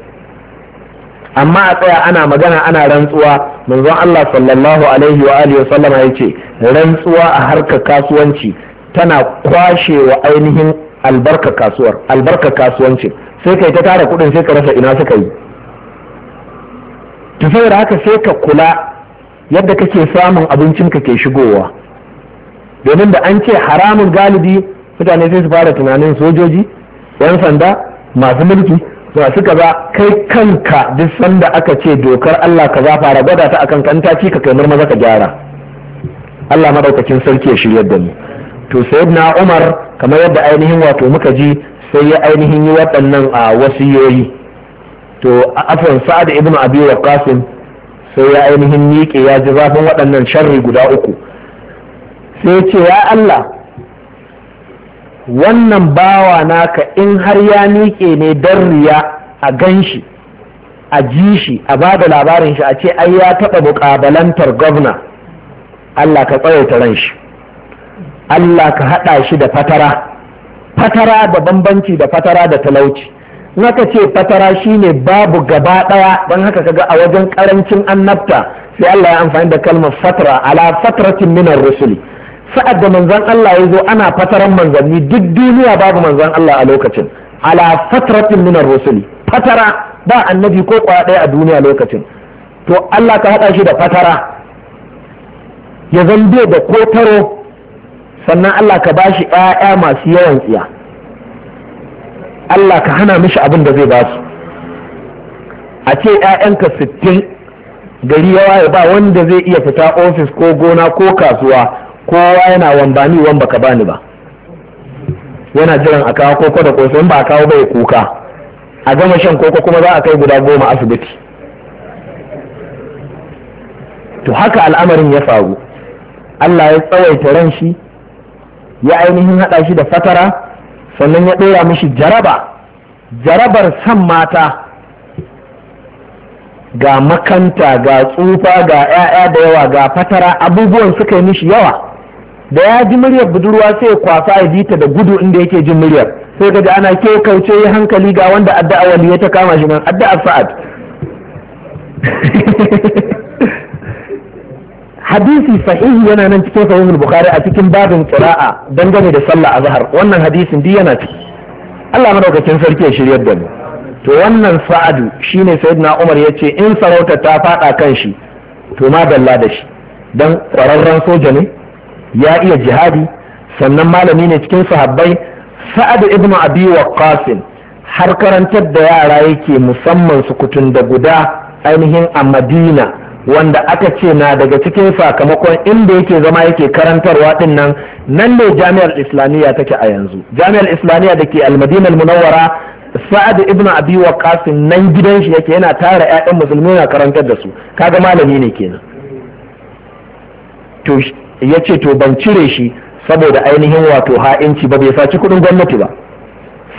amma a tsaya ana magana ana rantsuwa manzon Allah sallallahu alaihi wa alihi wasallam ya ce rantsuwa a harka kasuwanci tana kwashe wa ainihin albarka kasuwar albarka kasuwanci sai kai ta tara kudin sai ka rasa ina suka yi to saboda haka sai ka kula yadda kake samun abincin ka ke shigowa domin da an ce haramun galibi mutane sai su fara tunanin sojoji 'yan sanda masu mulki suka ba kai kanka duk sanda aka ce dokar Allah za fara gwada ta akan kan ta ka kai murma ka gyara Allah madaukakin sarki ya shirya da mu to sayyidina Umar kamar yadda ainihin wato muka ji sai ya ainihin yi waɗannan a wasiyoyi to afan Sa'ad ibn Abi Waqqas sai ya ainihin miƙe ya ji zafin waɗannan sharri guda uku sai ya ce ya Allah wannan bawa naka in har ya miƙe ne don riya a gan shi a ji shi a ba da labarin shi a ce ai ya taɓa buƙabalantar gwamna Allah ka tsawaita ran shi Allah ka haɗa shi da fatara fatara da bambanci da fatara da talauci Naka ce fatara shine babu gaba ɗaya don haka kaga a wajen ƙarancin annabta sai Allah ya amfani da kalmar fatara ala fatratin minar rusuli sa'ad da manzon Allah ya zo ana fataran manzanni duk duniya babu manzon Allah a lokacin ala fatratin minar rusuli fatara ba annabi ko kwaya ɗaya a duniya lokacin to Allah ka haɗa shi da fatara ya zambe da kotaro sannan Allah ka bashi ‘ya'ya masu yawan tsiya Allah ka hana mishi abin da zai ba su a ce ‘ya'yanka sittin gari yawa ya ba wanda zai iya fita ofis ko gona ko kasuwa kowa yana wambani wamba ka bani ba yana jiran a kawo koko da kosai ba a kawo bai kuka a gama shan koko kuma za a kai guda goma asibiti to haka al'amarin ya faru Allah ya tsawaita ran shi ya ainihin haɗa shi da fatara sannan ya ɗora mishi jaraba jarabar san mata ga makanta ga tsufa ga 'ya'ya da yawa ga fatara abubuwan suka yi mishi yawa da ya ji muryar budurwa sai ya kwasa ya ji ta da gudu inda yake jin muryar sai ga ana ke kauce hankali ga wanda addu'a wani ya ta kama shi nan addu'a sa'ad <laughs> hadisi sahihi yana nan cikin sahihul bukhari a cikin babin qira'a dangane da sallah azhar wannan hadisin din yana ciki Allah madaukakin sarki ya shiryar da mu to wannan sa'adu shine sayyidina Umar yace in sarauta ta fada kan shi to ma dalla da shi dan kwararren soja ne ya iya jihadi sannan malami ne cikin sahabbai sa'ad ibn abi waqqas har karantar da yara yake musamman su kutun da guda ainihin a madina wanda aka ce na daga cikin sakamakon inda yake zama yake karantarwa din nan nan ne jami'ar islamiyya take a yanzu jami'ar islamiyya da ke almadinal munawwara sa'ad ibn abi waqqas nan gidan shi yake yana tara ƴaƴan musulmi na karantar da su kaga malami ne kenan to ya ce to ban cire shi saboda ainihin wato ha'inci ba bai saci kudin gwamnati ba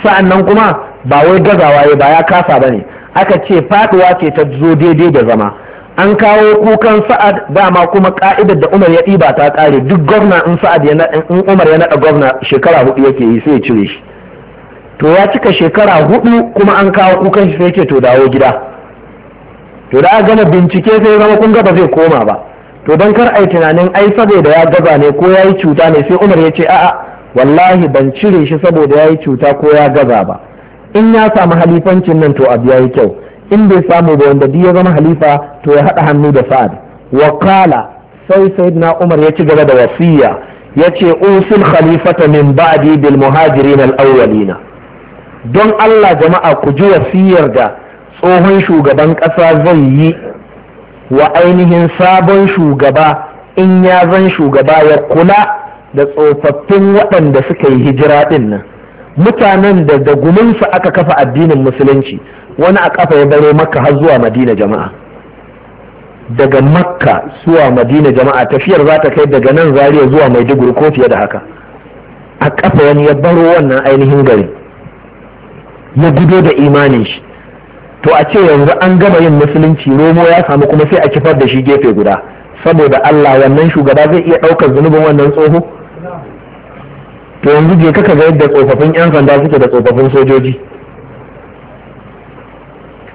sa'an nan kuma ba wai gazawa ya ba ya kasa ba ne aka ce faduwa ce ta zo daidai da zama an kawo kukan sa'ad dama kuma ka'idar da umar ya ɗiba ta kare duk gwamna in sa'ad ya in umar ya naɗa gwamna shekara hudu yake yi sai ya cire shi to ya cika shekara hudu kuma an kawo kukan shi sai ce to dawo gida to da aka gama bincike sai zama kun gaba ba zai koma ba to don kar ai tunanin ai saboda ya gaza ne ko ya yi cuta ne sai umar ya ce a'a wallahi ban cire shi saboda ya yi cuta ko ya gaza ba in ya samu halifancin nan to abu ya yi kyau in bai samu ba wanda duk ya zama halifa to ya haɗa hannu da sa'ad wakala sai na umar ya ci gaba da wasiya ya ce usul khalifata min ba'di bil muhajirin al awwalina don Allah jama'a ku ji wasiyar da tsohon shugaban ƙasa zai yi wa ainihin sabon shugaba in ya zan shugaba ya kula da tsofaffin waɗanda suka yi hijira ɗin nan mutanen da da guminsu aka kafa addinin musulunci wani a kafa ya baro makka har zuwa madina jama'a daga makka zuwa madina jama'a tafiyar za ta kai daga nan zariya zuwa maiduguri ko fiye da haka a kafa wani ya baro wannan ainihin gari ya gudo da imanin shi to a ce yanzu an gama yin musulunci romo ya samu kuma sai a kifar da shi gefe guda saboda Allah wannan shugaba zai iya ɗaukar zunubin wannan tsoho to yanzu je kaka ga yadda tsofaffin 'yan sanda suke da tsofaffin sojoji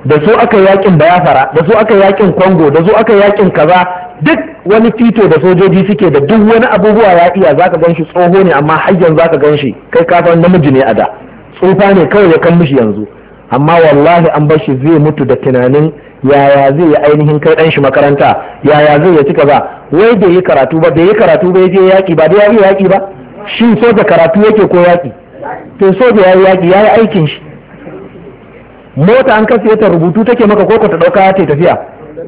da su aka yakin bayafara da su aka yakin kwango da su aka yakin kaza duk wani fito da sojoji suke da duk wani abubuwa ya iya zaka ganshi tsoho ne amma hayyan zaka gan shi kai kafan namiji ne a da tsufa ne kawai ya kan mishi yanzu amma wallahi an bar shi zai mutu da tunanin yaya zai yi ainihin kai ɗan shi makaranta yaya zai ya cika ba wai bai yi karatu ba bai yi karatu ba je yaƙi ba da yi yaƙi ba shi soja karatu yake ko yaƙi to soja yayi yaƙi yayi aikin shi mota an kasa ta rubutu take maka ko ta ɗauka ta tafiya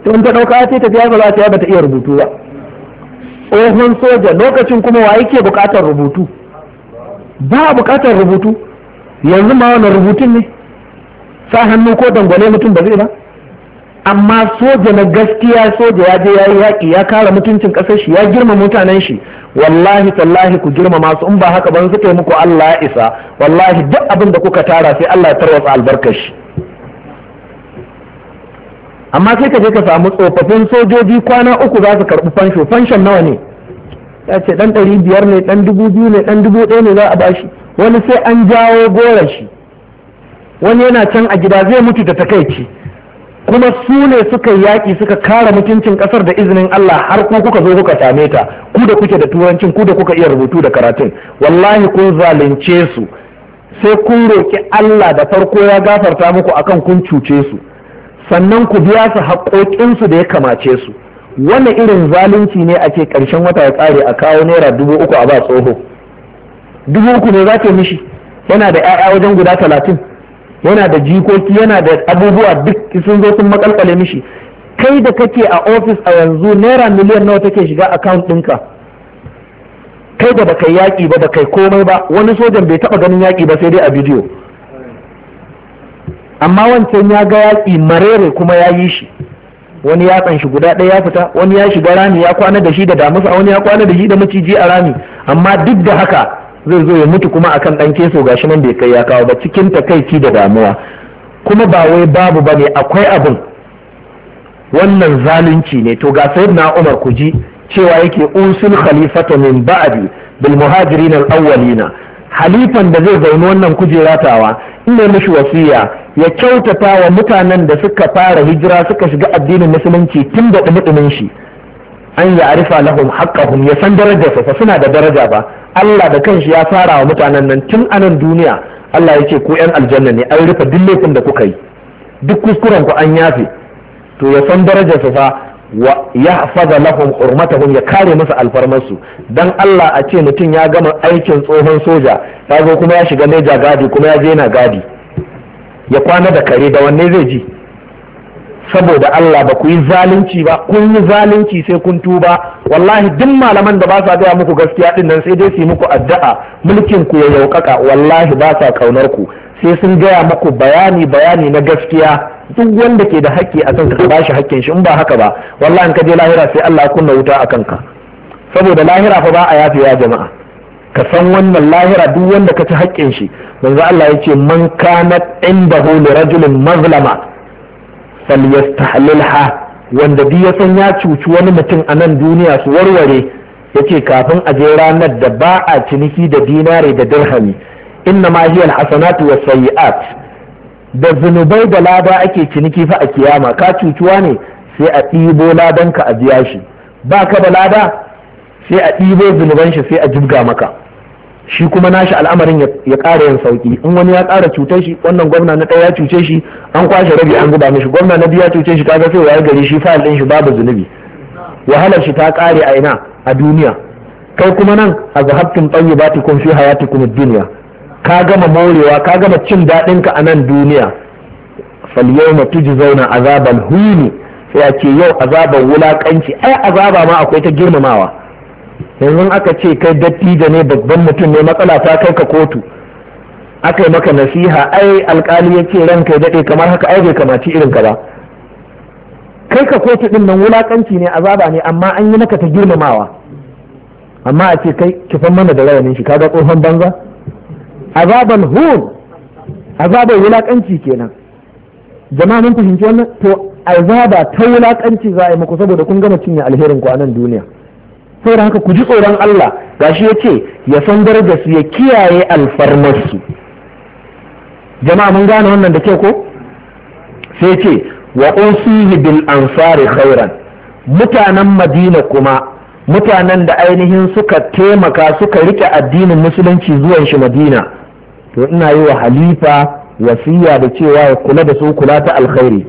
to in ta dauka ta tafiya ba za ta ba ta iya rubutu ba tsohon soja lokacin kuma wa yake buƙatar rubutu ba buƙatar rubutu yanzu ma wani rubutun ne sa hannu ko dangwale mutum ba zai ba amma soja na gaskiya soja ya je yayi yaƙi ya kare mutuncin kasar shi ya girma mutanen shi wallahi tallahi ku girma masu in ba haka ban suka muku Allah ya isa wallahi duk abin da kuka tara sai Allah ya tarwatsa albarkar shi amma sai ka je ka samu tsofaffin sojoji kwana uku za su karɓi fansho fanshon nawa ne ya ce ɗan ɗari biyar ne ɗan dubu biyu ne ɗan dubu ɗaya ne za a bashi wani sai an jawo goran shi wani yana can a gida zai mutu da takaici kuma su ne suka yi yaƙi suka kare mutuncin ƙasar da izinin Allah har ku kuka zo kuka same ta ku da kuke da turancin ku da kuka iya rubutu da karatun wallahi kun zalunce su sai kun roƙi Allah da farko ya gafarta muku akan kun cuce su sannan ku biya su haƙoƙinsu da ya kamace su wannan irin zalunci ne ake ƙarshen wata ya ƙare a kawo naira dubu uku a ba tsoho dubu uku ne za ta mishi yana da 'ya'ya wajen guda talatin yana da jikoki yana da abubuwa duk sun zo sun makalkale mishi kai da kake a ofis a yanzu naira miliyan nawa take shiga account ɗinka kai da baka yaƙi ba baka komai ba wani sojan bai taɓa ganin yaƙi ba sai dai a bidiyo amma wancan ya ga yaƙi marere kuma ya yi shi wani ya kanshi guda ɗaya ya fita wani ya shiga rami ya kwana da shi da damusa wani ya kwana da shi da maciji a rami amma duk da haka zai zo ya mutu kuma akan ɗan keso gashi nan bai kai ya kawo ba cikin takaici da damuwa kuma ba wai babu ba ne akwai abin wannan zalunci ne to ga sayyidina Umar ku ji cewa yake usul khalifata min ba'di bil muhajirin al awwalina halifan da zai zaune wannan kujera kujeratawa ya mishi wasiya ya kyautata wa mutanen da suka fara hijira suka shiga addinin musulunci tun da dumudumin shi an ya arifa lahum haqqahum ya san darajarsa fa suna da daraja ba Allah da kanshi ya fara wa mutanen nan tun a nan duniya Allah ya ce ku yan aljanna ne an rufe duk laifin da kuka yi duk kuskuren ku an yafe to ya san darajar fa wa faza lahum hurmatahum ya kare musu alfarmarsu dan Allah a ce mutum ya gama aikin tsohon soja ya zo kuma ya shiga meja gadi kuma ya je gadi ya kwana da kare da wanne zai ji saboda Allah ba ku yi zalunci ba kun yi zalunci sai kun tuba wallahi duk malaman da ba sa gaya muku gaskiya din nan sai dai su yi muku addu'a mulkin ku ya yaukaka wallahi ba sa kaunar ku sai sun gaya muku bayani bayani na gaskiya duk wanda ke da haƙƙi a kanka ka ba shi haƙƙin shi in ba haka ba wallahi in ka je lahira sai Allah ya kunna wuta a kanka saboda lahira fa ba a yafe ya jama'a ka san wannan lahira duk wanda ka ci haƙƙin shi manzo Allah ya ce man kanat indahu li rajulin mazlama falyastahlilha wanda duk ya san ya cuci wani mutum a nan duniya su warware yace kafin a je ranar da ba a ciniki da dinare da dirhami inna ma hiya alhasanatu wasayiat da zunubai da lada ake ciniki fa a kiyama ka cucuwa ne sai a ɗibo ladanka a biya shi ba ka da lada sai a ɗibo zunuban shi sai a jibga maka shi kuma nashi al'amarin ya ƙara yin sauki in wani ya ƙara cutar shi wannan gwamna na ɗaya ya cuce shi an kwashe rabi an zuba mishi gwamna na biyu ya cuce shi kaga sai ya gari shi fa'al ɗin shi babu zunubi wahalar shi ta ƙare a ina a duniya kai kuma nan a ta kun fi hayatikum kuma duniya ka gama morewa ka gama cin daɗin ka a nan duniya falyawma zauna azabal huni sai a ce yau azabar wulakanci ai azaba ma akwai ta girmamawa yanzu aka ce kai dattijo ne babban mutum ne matsala ta kai ka kotu aka yi maka nasiha ai alkali ya ce ranka ya daɗe kamar haka ai bai kamaci irin ka ba kai ka kotu din nan wulakanci ne azaba ne amma an yi maka ta girmamawa amma a ce kai kifan mana da rayanin shi kaga tsohon banza azaban hun azaban wulakanci kenan jama'a mun fahimci wannan to azaba ta wulakanci za a yi muku saboda kun gama cinye alherin ku a nan duniya saboda haka ku ji tsoron Allah gashi ya ce ya san da su ya kiyaye alfarmarsu jama'a mun gane wannan da kyau ko sai ce wa usihi bil ansari khairan mutanen madina kuma mutanen da ainihin suka taimaka suka rike addinin musulunci zuwan shi madina to ina yi wa halifa wasiya da cewa ya kula da su kula ta alkhairi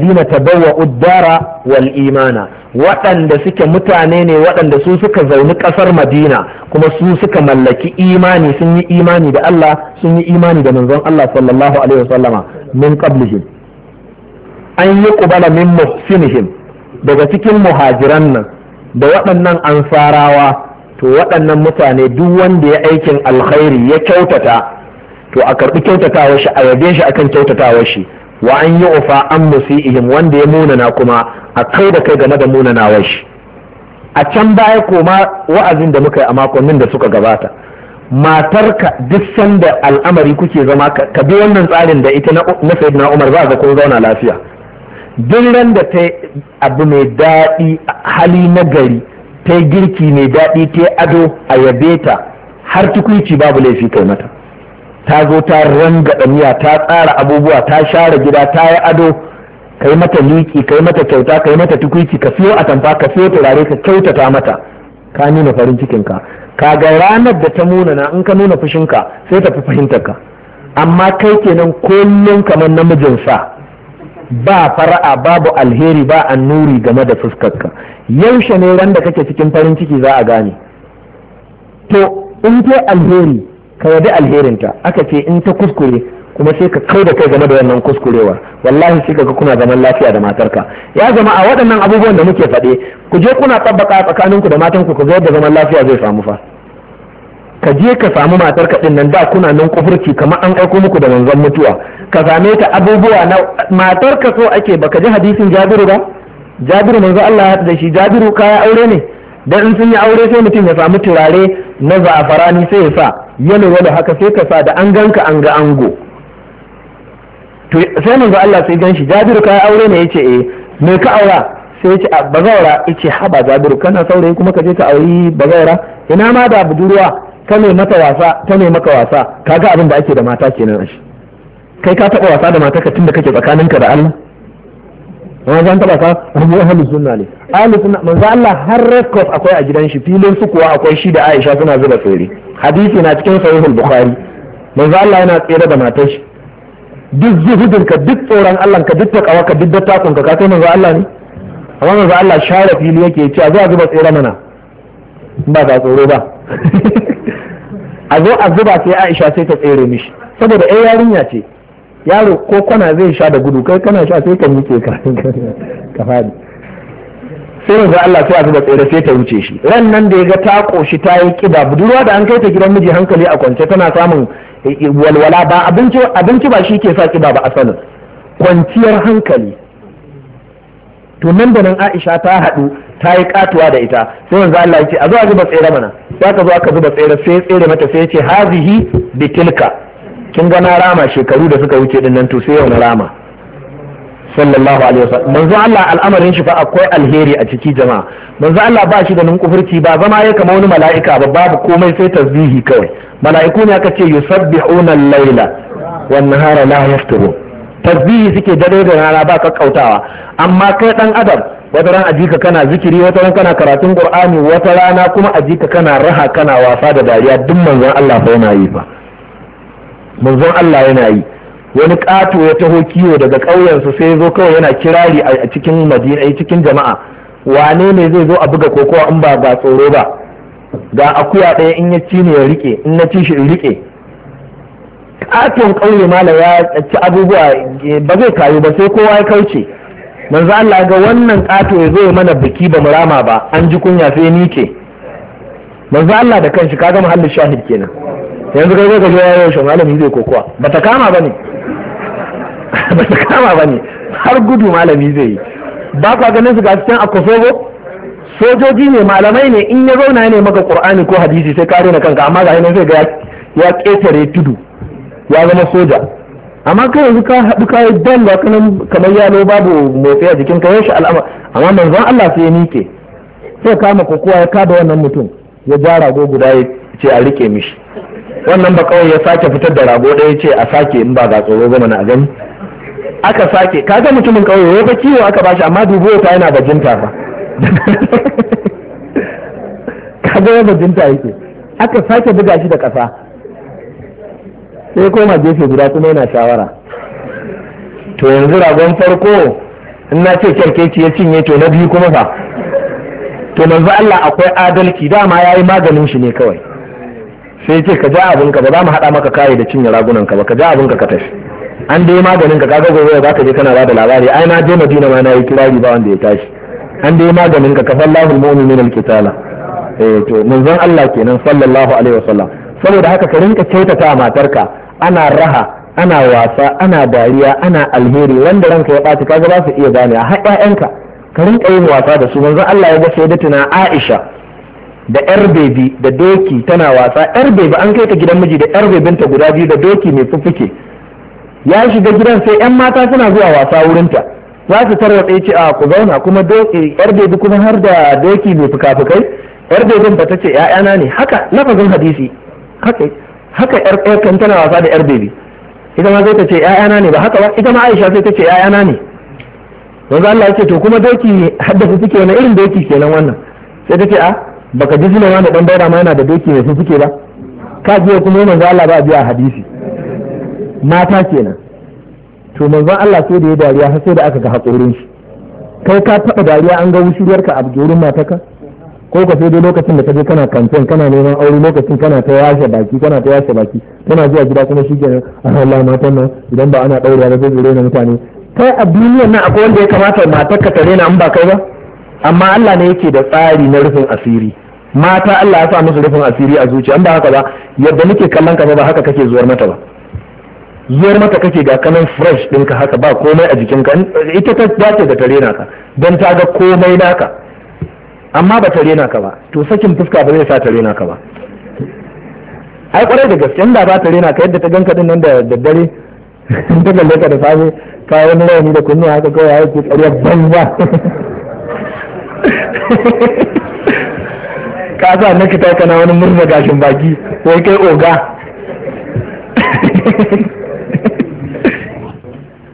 zina tabawwa uddara wal imana waɗanda suke mutane ne waɗanda su suka zauni ƙasar madina kuma su suka mallaki imani sun yi imani da Allah sun yi imani da manzon Allah sallallahu alaihi wasallama min qablihim an yi kubala min muhsinihim daga cikin muhajiran nan da waɗannan ansarawa to waɗannan mutane duk wanda ya aikin alkhairi ya kyautata to a karɓi kyautatawar shi a yabe shi akan kyautatawar shi wa an yi ufa an musi'ihim wanda ya munana kuma a kai da kai game da munanawar shi a can baya koma wa'azin da muka yi a makonnin da suka gabata matarka duk sanda al'amari kuke zama ka bi wannan tsarin da ita na na umar za ga kun zauna lafiya duk ran da ta abu mai daɗi hali na gari ta girki mai daɗi ta ado a yabe ta har tukunci babu laifi kai mata ta zo ta ranga miya ta tsara abubuwa ta share gida ta yi ado kai mata liki kai mata kyauta kai mata tukuici ka siyo atamfa ka siyo turare ka kyautata mata ka nuna farin cikinka ka ga ranar da ta nuna na in ka nuna fushinka sai ta fi fahimtar ka amma kai kenan kullum kamar namijin sa ba fara'a babu alheri ba annuri game da fuskarka yaushe ne ran kake cikin farin ciki za a gane to in ta alheri ka yadda alherinta aka ce in ta kuskure kuma sai ka kau da kai game da wannan kuskurewa wallahi sai kaga kuna zaman lafiya da matarka ya zama a waɗannan abubuwan da muke faɗe ku je kuna tsakanin ku da matanku ku ga yadda zaman lafiya zai samu fa ka je ka samu matarka din nan da kuna nan kufurci kamar an aiko muku da manzon mutuwa ka same ta abubuwa na matarka so ake baka ji hadisin Jabiru ba Jabiru manzo Allah ya da shi Jabiru kaya aure ne dan in sun yi aure sai mutum ya samu turare na za'afarani sai ya sa yalo yalo haka sai ka sa da an ganka an ga ango to sai manzo Allah sai ganshi Jabiru kai aure ne yace eh me ka aura sai yace bazawara yace ba Jabiru kana saurayi kuma ka je ka auri bazawara ina ma da budurwa ka ne mata wasa ta ne maka wasa kaga abin da ake da mata kenan shi kai ka taba wasa da mata ka tunda kake tsakaninka da Allah wani zan taba ka rubu ahlus sunna ne ahlus sunna manzo Allah har record akwai a gidan shi filin su kuwa akwai shi da Aisha suna zuba tsere hadisi na cikin sahihul bukhari manzo Allah yana tsere da matar shi duk zuhudin ka duk tsoron Allah ka duk takawa ka duk dattakon ka kai manzo Allah ne amma manzo Allah share fili yake ce a zo a zuba tsere mana ba ga tsoro ba <laughs> a zo a zuba sai Aisha sai ta tsere mishi saboda ai yarinya ce yaro ko kana zai sha da gudu kai kana sha sai ka muke ka <laughs> ka fadi sai manzo Allah sai a zuba tsere sai ta wuce shi ran nan da ya ga ta koshi ta yi kiba budurwa da an kai ta gidan miji hankali a kwance tana samun walwala ba abinci abinci ba shi ke sa kiba ba asalin kwanciyar hankali to nan da nan Aisha ta haɗu ta yi katuwa da ita sai wanzu Allah ya ce a zo a zuba tsere mana sai ka zo aka zuba tsere sai tsere mata sai ya ce hazihi bi tilka kin ga na rama shekaru da suka wuce din nan to sai yau na rama sallallahu alaihi wasallam manzo Allah al'amarin shi fa akwai alheri a ciki jama'a manzo Allah ba shi da nan kufurci ba zama ya kama wani mala'ika ba babu komai sai tasbihi kawai mala'iku ne aka ce yusabbihuna al-laila wan nahara la yaftirun tasbihi suke dare da rana ba ka kautawa amma kai dan adam wata ran ajika kana zikiri wata ran kana karatun qur'ani wata rana kuma ajika kana raha kana wasa da dariya duk manzon Allah fa yana yi fa manzon Allah yana yi wani kato ya taho kiwo daga ƙauyensu sai zo kawai yana kirari a cikin madina cikin jama'a wane ne zai zo a buga kokowa in ba ga tsoro ba ga akuya ɗaya in ya ci ne ya rike in na ci shi in rike katon ƙauye mala ya ci abubuwa ba zai kayu ba sai kowa ya kauce manzo Allah ga wannan kato ya zo mana biki ba murama ba an ji kunya sai ni ke manzo Allah da kanshi kaga muhallin shahid kenan yanzu kai ga ga yayin shi malami zai kokowa ta kama bane <laughs> ta kama bane har gudu malami zai yi ba ka ganin su ga cikin akofobo sojoji ne malamai ne in ya zauna ya maka qur'ani ko hadisi sai ka na kanka amma ga nan sai ga ya ketare tudu ya zama soja amma kai yanzu ka haɗu ka yi dan ga kamar yalo babu motsi a jikin ka yashi al'amar amma manzon Allah sai ya mike sai kama kokowa ya kada wannan mutum ya ja rago guda ya ce a rike mishi wannan ba kawai ya sake fitar da rago ɗaya ce a sake in ba ga tsoro ba mana a gani aka sake kaga mutumin kawai ya ba kiwo aka bashi amma dubo ta yana bajinta ba kaga ya bajinta yake aka sake buga shi da ƙasa sai koma gefe guda kuma yana shawara to yanzu ragon farko in na ce kyarkeci ya cinye to na biyu kuma fa to manzo Allah akwai adalci dama ya yi maganin shi ne kawai sai ce ka ja abinka ba za mu haɗa maka kayi da cinye ragunanka ba ka ja abinka ka tafi an dai maganin ka kaga gobe za ka je kana ba da labari ai na je madina ma na yi kirari ba wanda ya tashi an dai maganin ka kafan lahul mu'minin alkitala eh to manzon Allah kenan sallallahu alaihi wasallam saboda haka ka rinka kyautata matarka ana raha ana wasa ana dariya ana alheri wanda ranka ya bata kaga ba su iya gane a ƴaƴanka ka rinka yin wasa da su manzon Allah ya ga sai da tuna Aisha da yar bebi da doki tana wasa yar bebi an kai ta gidan miji da yar bebinta guda biyu da doki mai fuffuke ya shiga gidan sai yan mata suna zuwa wasa wurinta za su tarwatsa ce a ku zauna kuma doki yar bebi kuma har da doki mai fuka-fukai yar bebin ba ta ce ‘ya'yana ne haka lafazin hadisi haka yar kan tana wasa da yar bebi ita ma zai ta ce ‘ya'yana ne ba haka ba ita ma aisha sai ta ce ‘ya'yana ne don za Allah ce to kuma doki haddasa suke na irin doki kenan wannan sai ta ce a baka ji Sulaiman wanda dan daura ma yana da doki mai suke ba ka ji kuma za Allah ba a biya hadisi mata kenan to manzon Allah sai da ya dariya har sai da aka ga haƙorin shi kai ka taba dariya an ga wushiyar ka a jorin mataka ko ka sai dai lokacin da ka je kana kamfen kana neman aure lokacin kana ta yashe baki kana ta yashe baki kana zuwa gida kuma shi ke a ah, Allah matan nan idan ba ana ɗaure ba zai zure na mutane kai a duniyar nan akwai wanda ya kamata matar ka tare na an ba kai ba amma Allah ne yake da tsari na rufin asiri mata Allah ya sa musu rufin asiri a zuciya an ba haka ba yadda nake kallon ka ba haka kake zuwar mata ba zo maka kake ga kanan fresh ɗinka haka ba komai a jikinka ita ta dace da tare naka don ta ga komai naka amma ba tare naka ba to sakin fuska ba zai sa tare naka ba ai kwarai da gaske inda ba tare naka yadda ta ganka din nan da daddare ta kalle ka da safe ka wani rawani da kunya haka kawai ya ku ƙarya banza ka sa na kita kana wani murna gashin baki wai kai oga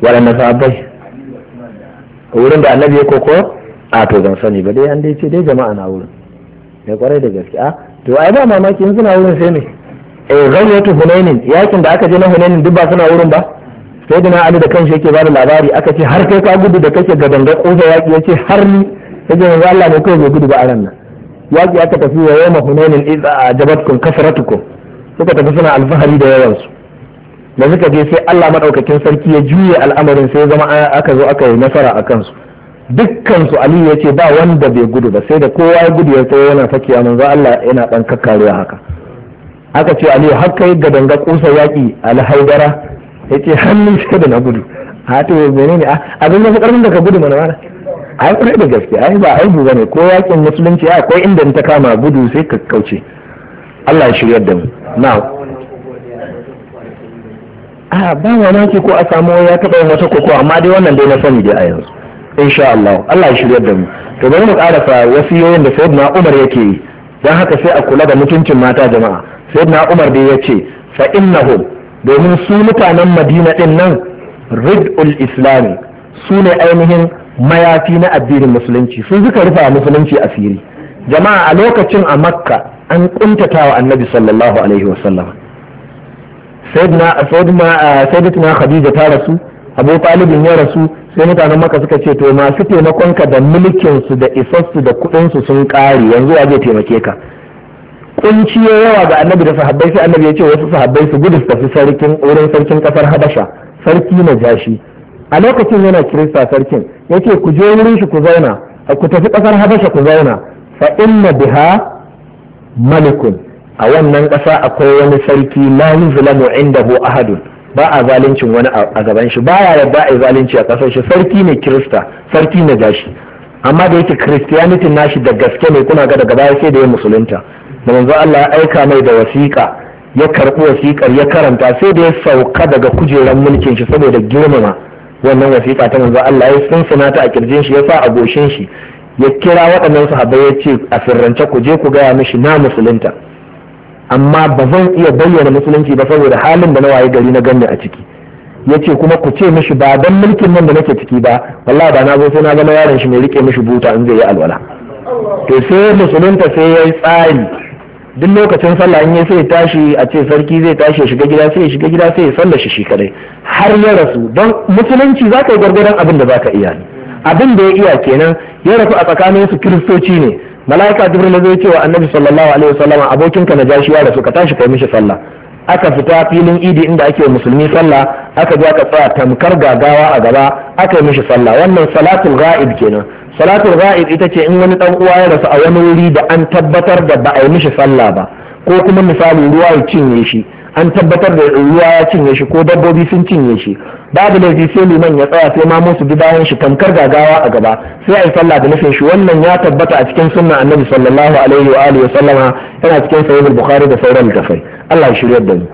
waɗanda sahabbai wurin da annabi ya koko a to zan sani ba dai an dai ce dai jama'a na wurin mai kwarai da gaske to ai ba mamaki in suna wurin sai ne eh ghazwatu hunainin yakin da aka je na hunainin duk ba suna wurin ba sai da na ali da kanshi yake bada labari aka ce har kai ka gudu da kake ga dangar kosa yaki yace har ni sai da Allah ne kai bai gudu ba aran nan yaki aka tafi wa yawma hunainin idza ajabatkum kasratukum suka tafi suna alfahari da yawansu da suka je sai Allah madaukakin sarki ya juye al'amarin sai zama aka zo aka yi nasara a kansu dukkan su Ali ya ce ba wanda bai gudu ba sai da kowa ya gudu ya tsaye yana fakiya manzo Allah yana dan kakkaruwa haka aka ce Ali har kai ga danga kusa yaki haidara yace hannun shi da na gudu ha to menene a abin da karfin da ka gudu mana mana ai kurai da gaske ai ba aibu bane ko yakin musulunci akwai inda ta kama gudu sai ka kauce Allah ya shiryar da mu na'am A'a, ah, ba mamaki ko a samu ya taɓa yin wata koko amma dai wannan dai na sani dai a yanzu insha Allah Allah ya shirya da mu to bari mu wasu iyoyin da sayyidina Umar yake yi dan haka sai a kula da mutuncin mata jama'a sayyidina Umar dai yace fa innahum domin su mutanen Madina din nan rid'ul islami su ne ainihin mayafi na addinin musulunci sun suka rufa musulunci asiri jama'a a lokacin a makka an kuntatawa annabi sallallahu alaihi wasallam sayyidatuna ah, khadija ta rasu abu talibin ya rasu sai mutanen maka suka ce to masu taimakonka da mulkin su da isassu da kudinsu sun kare yanzu a zai taimake ka kunci ya yawa ga annabi da sahabbai sai annabi ya ce wasu sahabbai su gudu su tafi sarkin wurin sarkin kasar habasha sarki na jashi a lokacin yana kirista sarkin ya ce ku je wurin shi ku zauna ku tafi kasar habasha ku zauna fa inna biha malikun a wannan ƙasa akwai wani sarki la yuzlamu indahu ahadun ba a zaluncin wani a gaban shi baya yarda a yi zalunci a ƙasar shi sarki ne kirista sarki ne gashi amma da yake christianity nashi da gaske ne kuna ga daga baya sai da ya musulunta da manzo Allah ya aika mai da wasiƙa ya karɓi wasiƙar ya karanta sai da ya sauka daga kujerar mulkin shi saboda girmama wannan wasiƙa ta manzo Allah ya sunsuna ta a kirjin shi ya sa a goshin shi ya kira waɗannan sahabbai ya ce a sirrance ku je ku gaya mishi na musulunta amma ba zan iya bayyana musulunci ba saboda halin da na waye gari na ganni a ciki yace kuma ku ce mishi ba dan mulkin nan da nake ciki ba wallahi ba na zo sai na gama yaron shi mai rike mishi buta in zai yi alwala to sai musulunta sai ya tsari duk lokacin sallah in ya sai tashi a ce sarki zai tashi ya shiga gida sai ya shiga gida sai ya sallah shi shi kadai har ya rasu don musulunci zaka yi gwargwaron abin da za ka iya abin da ya iya kenan ya rasu a tsakanin su kiristoci ne mala'ika jibril zai ce wa annabi sallallahu alaihi wasallam abokin ka najashi ya rasu ka tashi kai mishi sallah aka fita filin idi inda ake musulmi sallah aka je aka tsaya tamkar gagawa a gaba aka yi mishi sallah wannan salatul ghaib kenan salatul ghaib ita ce in wani dan uwa ya rasu a wani wuri da an tabbatar da ba a yi mishi sallah ba ko kuma misali ruwa ya cinye shi an tabbatar da ruwa ya cinye shi ko dabbobi sun cinye shi babu laifi sai liman ya tsaya sai ma musu bi bayan shi tamkar gagawa a gaba sai a yi sallah da nufin shi wannan ya tabbata a cikin sunna annabi sallallahu alaihi wa alihi wa sallama yana cikin sahih bukhari da sauran littafai Allah ya shirya da ni.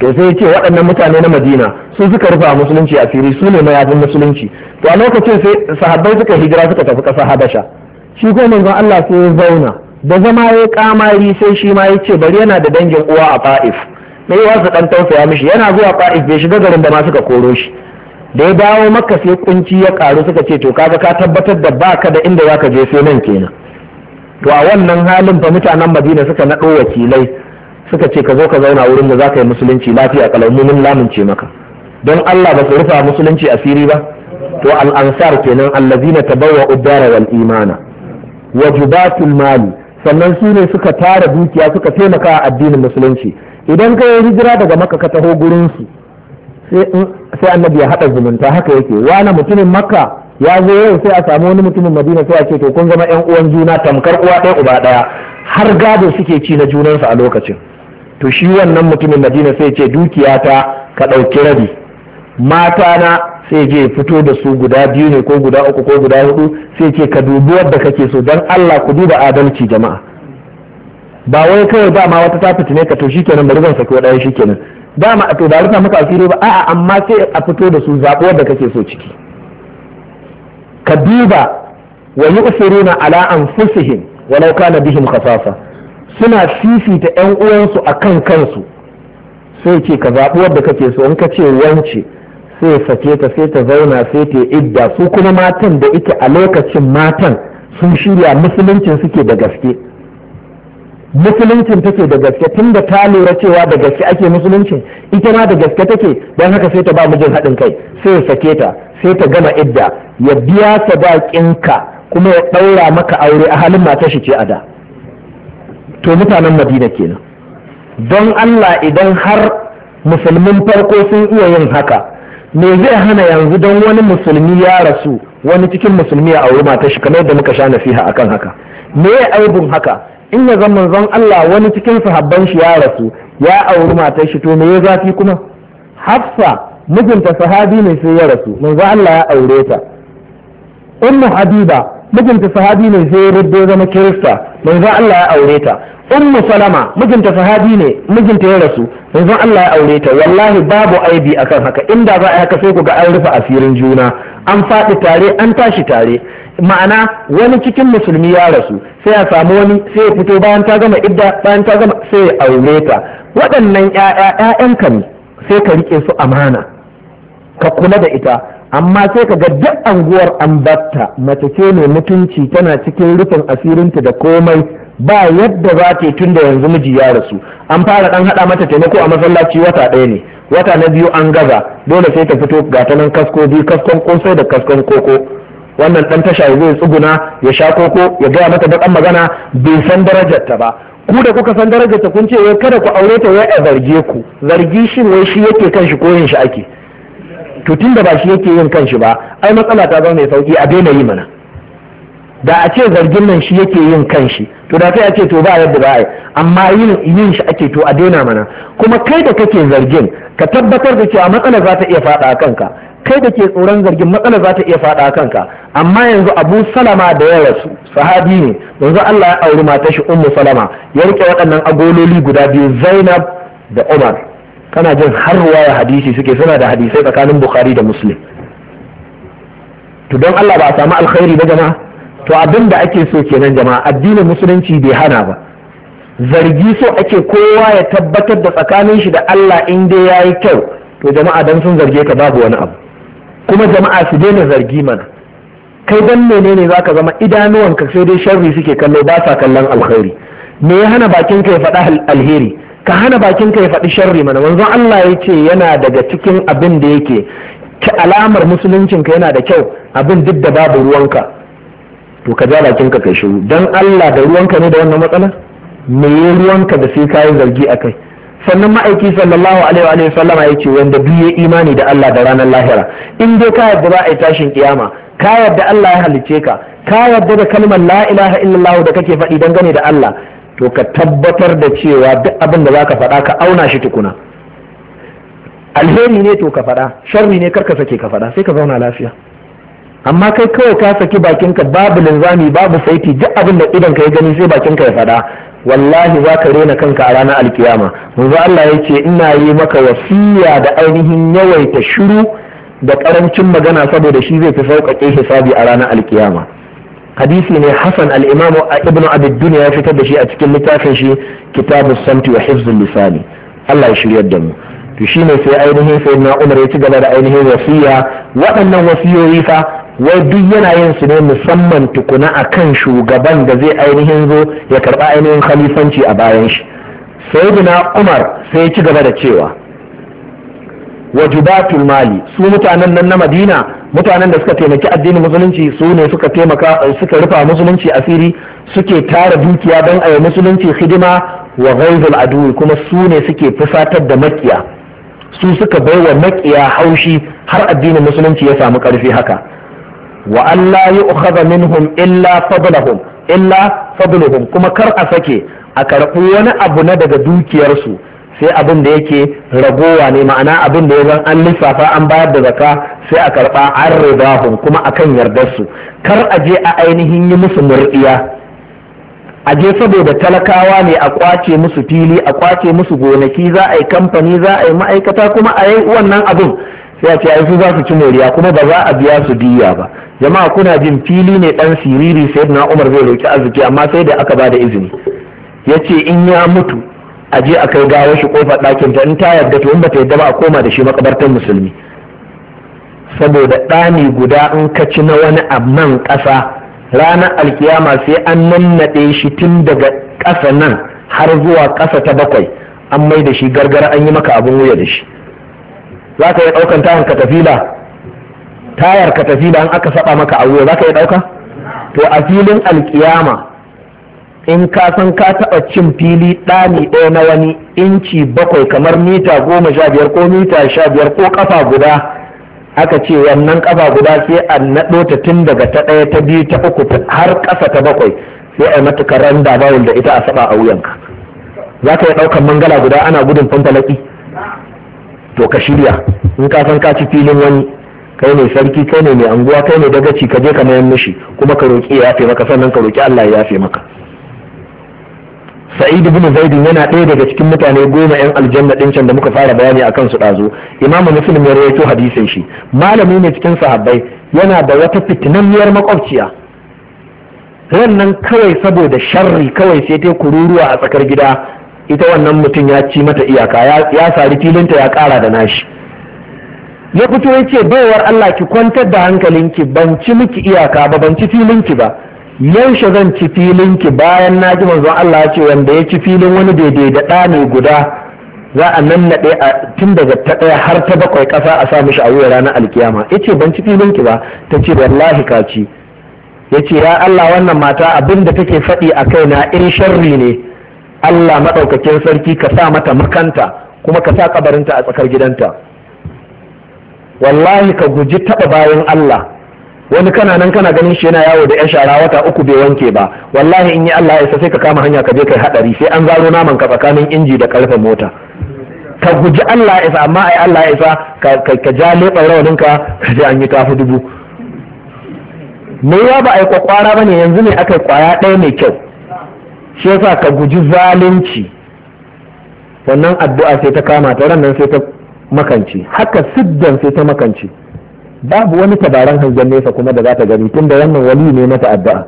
to sai ce waɗannan mutane na madina su suka rufa musulunci a fili su ne mayafin musulunci to a lokacin sai sahabbai suka hijira suka tafi ƙasa habasha shi ko manzon Allah sai ya zauna da zama ya kamari sai shi ma ya ce bari yana da dangin uwa a fa'if mai yi wasu dan tausaya mishi yana zuwa fa'if bai shiga garin da ma suka koro shi da ya dawo maka sai kunci ya karu suka ce to kaga ka tabbatar da baka da inda zaka je sai nan kenan to a wannan halin fa mutanen madina suka naɗo wakilai suka ce ka zo ka zauna wurin da zaka yi musulunci lafiya kalau mun lamunce maka don Allah ba su rufa musulunci asiri ba to al ansar kenan allazina tabawwa udara al imana wajibatul mali sannan su ne suka tara dukiya suka taimaka a addinin musulunci idan ka yi hijira daga maka ka taho gurinsu sai annabi ya haɗa zumunta haka yake wani mutumin maka ya zo yau sai a samu wani mutumin madina sai a ce to kun zama yan uwan juna tamkar uwa ɗaya uba ɗaya har gado suke ci na junansu a lokacin to shi wannan mutumin madina sai ce dukiyata ka ɗauki rabi mata na sai je fito da su guda biyu ne ko guda uku ko guda hudu sai ce ka dubi wadda kake so dan Allah ku duba adalci jama'a ba wai kawai dama wata ta fitine ka to shikenan bari zan saki wadaya shikenan dama to da rufa maka asiri ba a'a amma sai a fito da su zabo wadda kake so ciki ka duba wa yusiruna ala anfusihim walau kana bihim khasasa suna fifita yan uwansu akan kansu sai ce ka zabo wadda kake so in ka ce wance sai ya sake ta sai ta zauna sai ta idda su kuma matan da ita a lokacin matan sun shirya musuluncin suke da gaske musuluncin take da gaske tun da ta lura cewa da gaske ake musuluncin ita ma da gaske take don haka sai ta ba mijin haɗin kai sai ya sake ta sai ta gama idda ya biya ka kuma ya ɗaura maka aure a halin mata shi ce a da to mutanen madina kenan don allah idan har musulmin farko sun iya yin haka me zai hana yanzu don wani musulmi ya rasu wani cikin musulmi ya auri matar shi kamar yadda muka sha nasiha akan haka me ya aibun haka in ya zama zan Allah wani cikin sahabban shi ya rasu ya auri mata shi to me ya zafi kuma hafsa mijinta sahabi ne sai ya rasu za Allah ya aure ta ummu habiba mijinta sahabi ne sai ya rubbe zama kirista za Allah ya aure ta ummu salama mijinta sahabi ne mijinta ya rasu manzon Allah ya aure ta wallahi babu aibi akan haka inda za a haka sai ku ga an rufe asirin juna an faɗi tare an tashi tare ma'ana wani cikin musulmi ya rasu sai a samu wani sai ya fito bayan ta gama idda bayan ta gama sai ya aure ta waɗannan ƴaƴa ƴaƴan ka sai ka rike su amana ka kula da ita amma sai ka ga duk anguwar ambata mace ce mai mutunci tana cikin rufin asirinta da komai ba yadda za ta yi tun da yanzu miji ya rasu an fara dan hada mata taimako a masallaci wata ɗaya ne wata na biyu an gaza dole sai ta fito ga ta nan kasko biyu kaskon kosai da kaskon koko wannan dan tasha zai tsuguna ya sha koko ya gaya mata bakan magana bai san darajar ta ba ku da kuka san darajar ta kun ce wai kada ku aure ta wai a zarge ku zargi shi wai shi yake kan shi ko yin shi ake to tunda ba shi yake yin kan shi ba ai matsala ta zama mai sauki a daina yi mana da a ce zargin nan shi yake yin kanshi to da kai a ce to ba yadda ba yi amma yin yin shi ake to a daina mana kuma kai da kake zargin ka tabbatar da cewa matsalar za ta iya faɗa a kanka kai da ke tsoron zargin matsala za ta iya faɗa a kanka amma yanzu abu salama da ya rasu sahabi ne yanzu allah ya auri mata shi ummu salama ya rike waɗannan agololi guda biyu zainab da umar kana jin har waya hadisi suke suna da hadisai tsakanin bukhari da muslim to don allah ba a samu alkhairi ba jama'a to abin da ake so kenan jama'a addinin musulunci bai hana ba zargi so ake kowa ya tabbatar da tsakanin shi da Allah in dai yayi kyau to jama'a dan sun zarge ka babu wani abu kuma jama'a su daina zargi mana kai dan menene zaka zama idanuwan ka sai dai sharri suke kallo ba sa kallon alkhairi me ya hana bakin ka ya faɗa alheri ka hana bakin ka ya faɗi sharri mana manzon Allah ya ce yana daga cikin abin da yake alamar musuluncin ka yana da kyau abin duk da babu ruwanka to ka ja bakin ka kai shiru dan Allah da ruwanka ne da wannan matsala me ya ruwanka da sai kayi zargi akai sannan ma'aiki sallallahu alaihi wa sallama ya ce wanda duk ya imani da Allah da ranar lahira in dai ka yarda za a yi tashin kiyama ka yarda Allah ya halicce ka ka yarda da kalmar la ilaha illallah da kake faɗi gane da Allah to ka tabbatar da cewa duk abin da zaka faɗa ka auna shi tukuna alheri ne to ka faɗa sharri ne karka sake ka faɗa sai ka zauna lafiya amma kai kawai ka saki bakinka babu linzami babu saiti duk abin da idan ka ya gani sai bakinka ya faɗa wallahi za ka rena kanka a ranar alkiyama manzo Allah ya ce ina yi maka wasiya da ainihin yawaita shiru da karancin magana saboda shi zai fi sauƙaƙe hisabi a ranar alkiyama hadisi ne hasan al-imamu ibnu abi dunya ya fitar da shi a cikin littafin shi kitabus samti wa hifzul lisani Allah ya shiryar da mu to shine sai ainihin sayyidina Umar ya ci gaba da ainihin wasiya waɗannan wasiyoyi fa wai duk yana yin su ne musamman tukuna a kan shugaban da zai ainihin zo ya karba ainihin khalifanci a bayan shi sayyidina umar sai ci gaba da cewa wajibatul mali su mutanen nan na madina mutanen da suka taimaki addinin musulunci su ne suka taimaka suka rufa musulunci asiri suke tara dukiya don a yi musulunci hidima wa ghaizul adu kuma su ne suke fusatar da makiya su suka baiwa maƙiya makiya haushi har addinin musulunci ya samu karfi haka wa alla yu'khadha minhum illa fadlahum illa fadluhum kuma kar a sake a karɓi wani abu na daga dukiyarsu sai abin da yake ragowa ne ma'ana abin da ya zan an lissafa an bayar da zaka sai a karɓa an ribahum kuma akan su kar a je a ainihin yi musu murɗiya a je saboda talakawa ne a kwace musu fili a kwace musu gonaki za a yi kamfani za a yi ma'aikata kuma a yi wannan abin sai a ce su za su ci moriya kuma ba za a biya su diya ba jama'a kuna jin fili ne dan siriri sai na Umar zai roki arziki amma sai da aka bada izini yace in ya mutu a je a kai gawar shi kofar ɗakin ta in ta yarda to in ba ta yarda ba a koma da shi makabartar musulmi saboda ɗani guda in ka ci na wani amman ƙasa ranar alkiyama sai an nannaɗe shi tun daga ƙasa nan har zuwa ƙasa ta bakwai an mai da shi gargara an yi maka abin wuya da shi za ka iya ɗaukan ka katafila tayar katafila an aka saba maka a wuya za ka iya ɗauka to a filin alkiyama in ka san ka taɓa cin fili ɗani ɗaya na wani inci bakwai kamar mita goma sha biyar ko mita sha biyar ko ƙafa guda aka ce wannan ƙafa guda sai a naɗo ta tun daga ta ɗaya ta biyu ta uku har ƙasa ta bakwai sai a yi randa bawul da ita a saba a wuyanka za ka yi ɗaukan mangala guda ana gudun fanfalaki to ka shirya in ka san ka ci filin wani kai ne sarki kai ne mai anguwa kai ne dagaci ka je ka mayan mishi kuma ka roƙi ya yafe maka sannan ka roƙi Allah ya yafe maka sa'id ibn zaid yana ɗaya daga cikin mutane goma yan aljanna ɗin can da muka fara bayani a kansu ɗazu imamu muslim ya rawaito hadisin shi malami ne cikin sahabbai yana da wata fitinanniyar makwabciya ran nan kawai saboda sharri kawai sai ta kururuwa a tsakar gida ita wannan mutum ya ci mata iyaka ya sari filinta ya kara da nashi ya fito ya ce baiwar Allah ki kwantar da hankalinki ban ci miki iyaka ba ban ci filinki ba yaushe zan ci filinki bayan na ji manzon Allah ya ce wanda ya ci filin wani daidai da ɗa ne guda za a nannaɗe a tun daga ta ɗaya har ta bakwai ƙasa a sa mishi a wuya ranar alkiyama ya ce ban ci filinki ba ta ce wallahi ka ci ya ce ya Allah wannan mata abin da take faɗi a kaina in sharri ne Allah maɗaukakin sarki ka sa mata makanta kuma ka sa kabarinta a tsakar gidanta wallahi ka guji taɓa bayan Allah wani kana nan kana ganin shi yana yawo da 'yan shara wata uku bai wanke ba wallahi in yi Allah ya sai ka kama hanya ka je kai haɗari, sai an zaro naman ka tsakanin inji da karfe mota ka guji Allah ya isa amma ai Allah ya isa ka ja leɓar rawanin ka ka je an yi tafi dubu me ya ba a ai kwakwara bane yanzu ne aka kwaya ɗaya mai kyau shi yasa ka guji zalunci wannan addu'a sai ta kama ta ran sai ta makance haka siddan sai ta makance babu wani tabaran hangen nesa kuma da za ta gani tun da wannan wali ne mata addu'a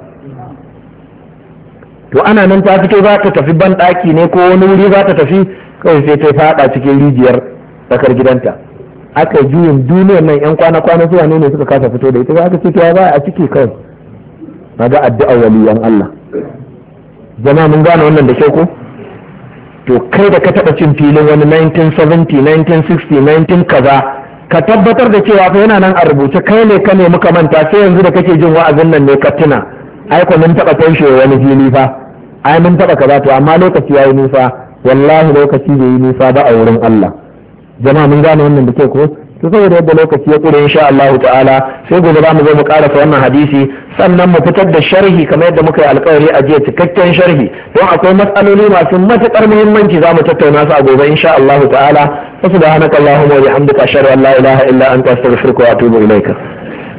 to ana nan ta fito za ta tafi ban daki ne ko wani wuri za ta tafi kawai sai ta faɗa cikin rijiyar tsakar gidanta aka juyin duniyar nan yan kwana kwana zuwa ne suka kasa fito da ita za ka ce ta ba a ciki kawai na ga addu'a waliyan Allah zama mun gane wannan da kyau ko to kai da ka taɓa cin filin wani 1970 1960 19 kaza ka tabbatar da cewa fa yana nan a rubuce kai ne ka nemi ka manta sai yanzu da kake jin wa'azin nan ne ka tuna ai ko mun taɓa taushe wani fili fa ai mun taɓa kaza to amma lokaci yayi nisa wallahi lokaci bai yi nisa ba a wurin Allah jama'a mun gane wannan da kyau ko saboda yadda lokaci ya kure insha Allah ta'ala sai gobe za mu zo mu karasa wannan hadisi sannan mu fitar da sharhi kamar yadda muka yi alkawari a jiya cikakken sharhi don akwai matsaloli masu matukar muhimmanci za mu tattauna su a gobe insha Allah ta'ala wasu da hanaka Allahumma wa bihamdika ashhadu an la ilaha illa anta astaghfiruka wa atubu ilaika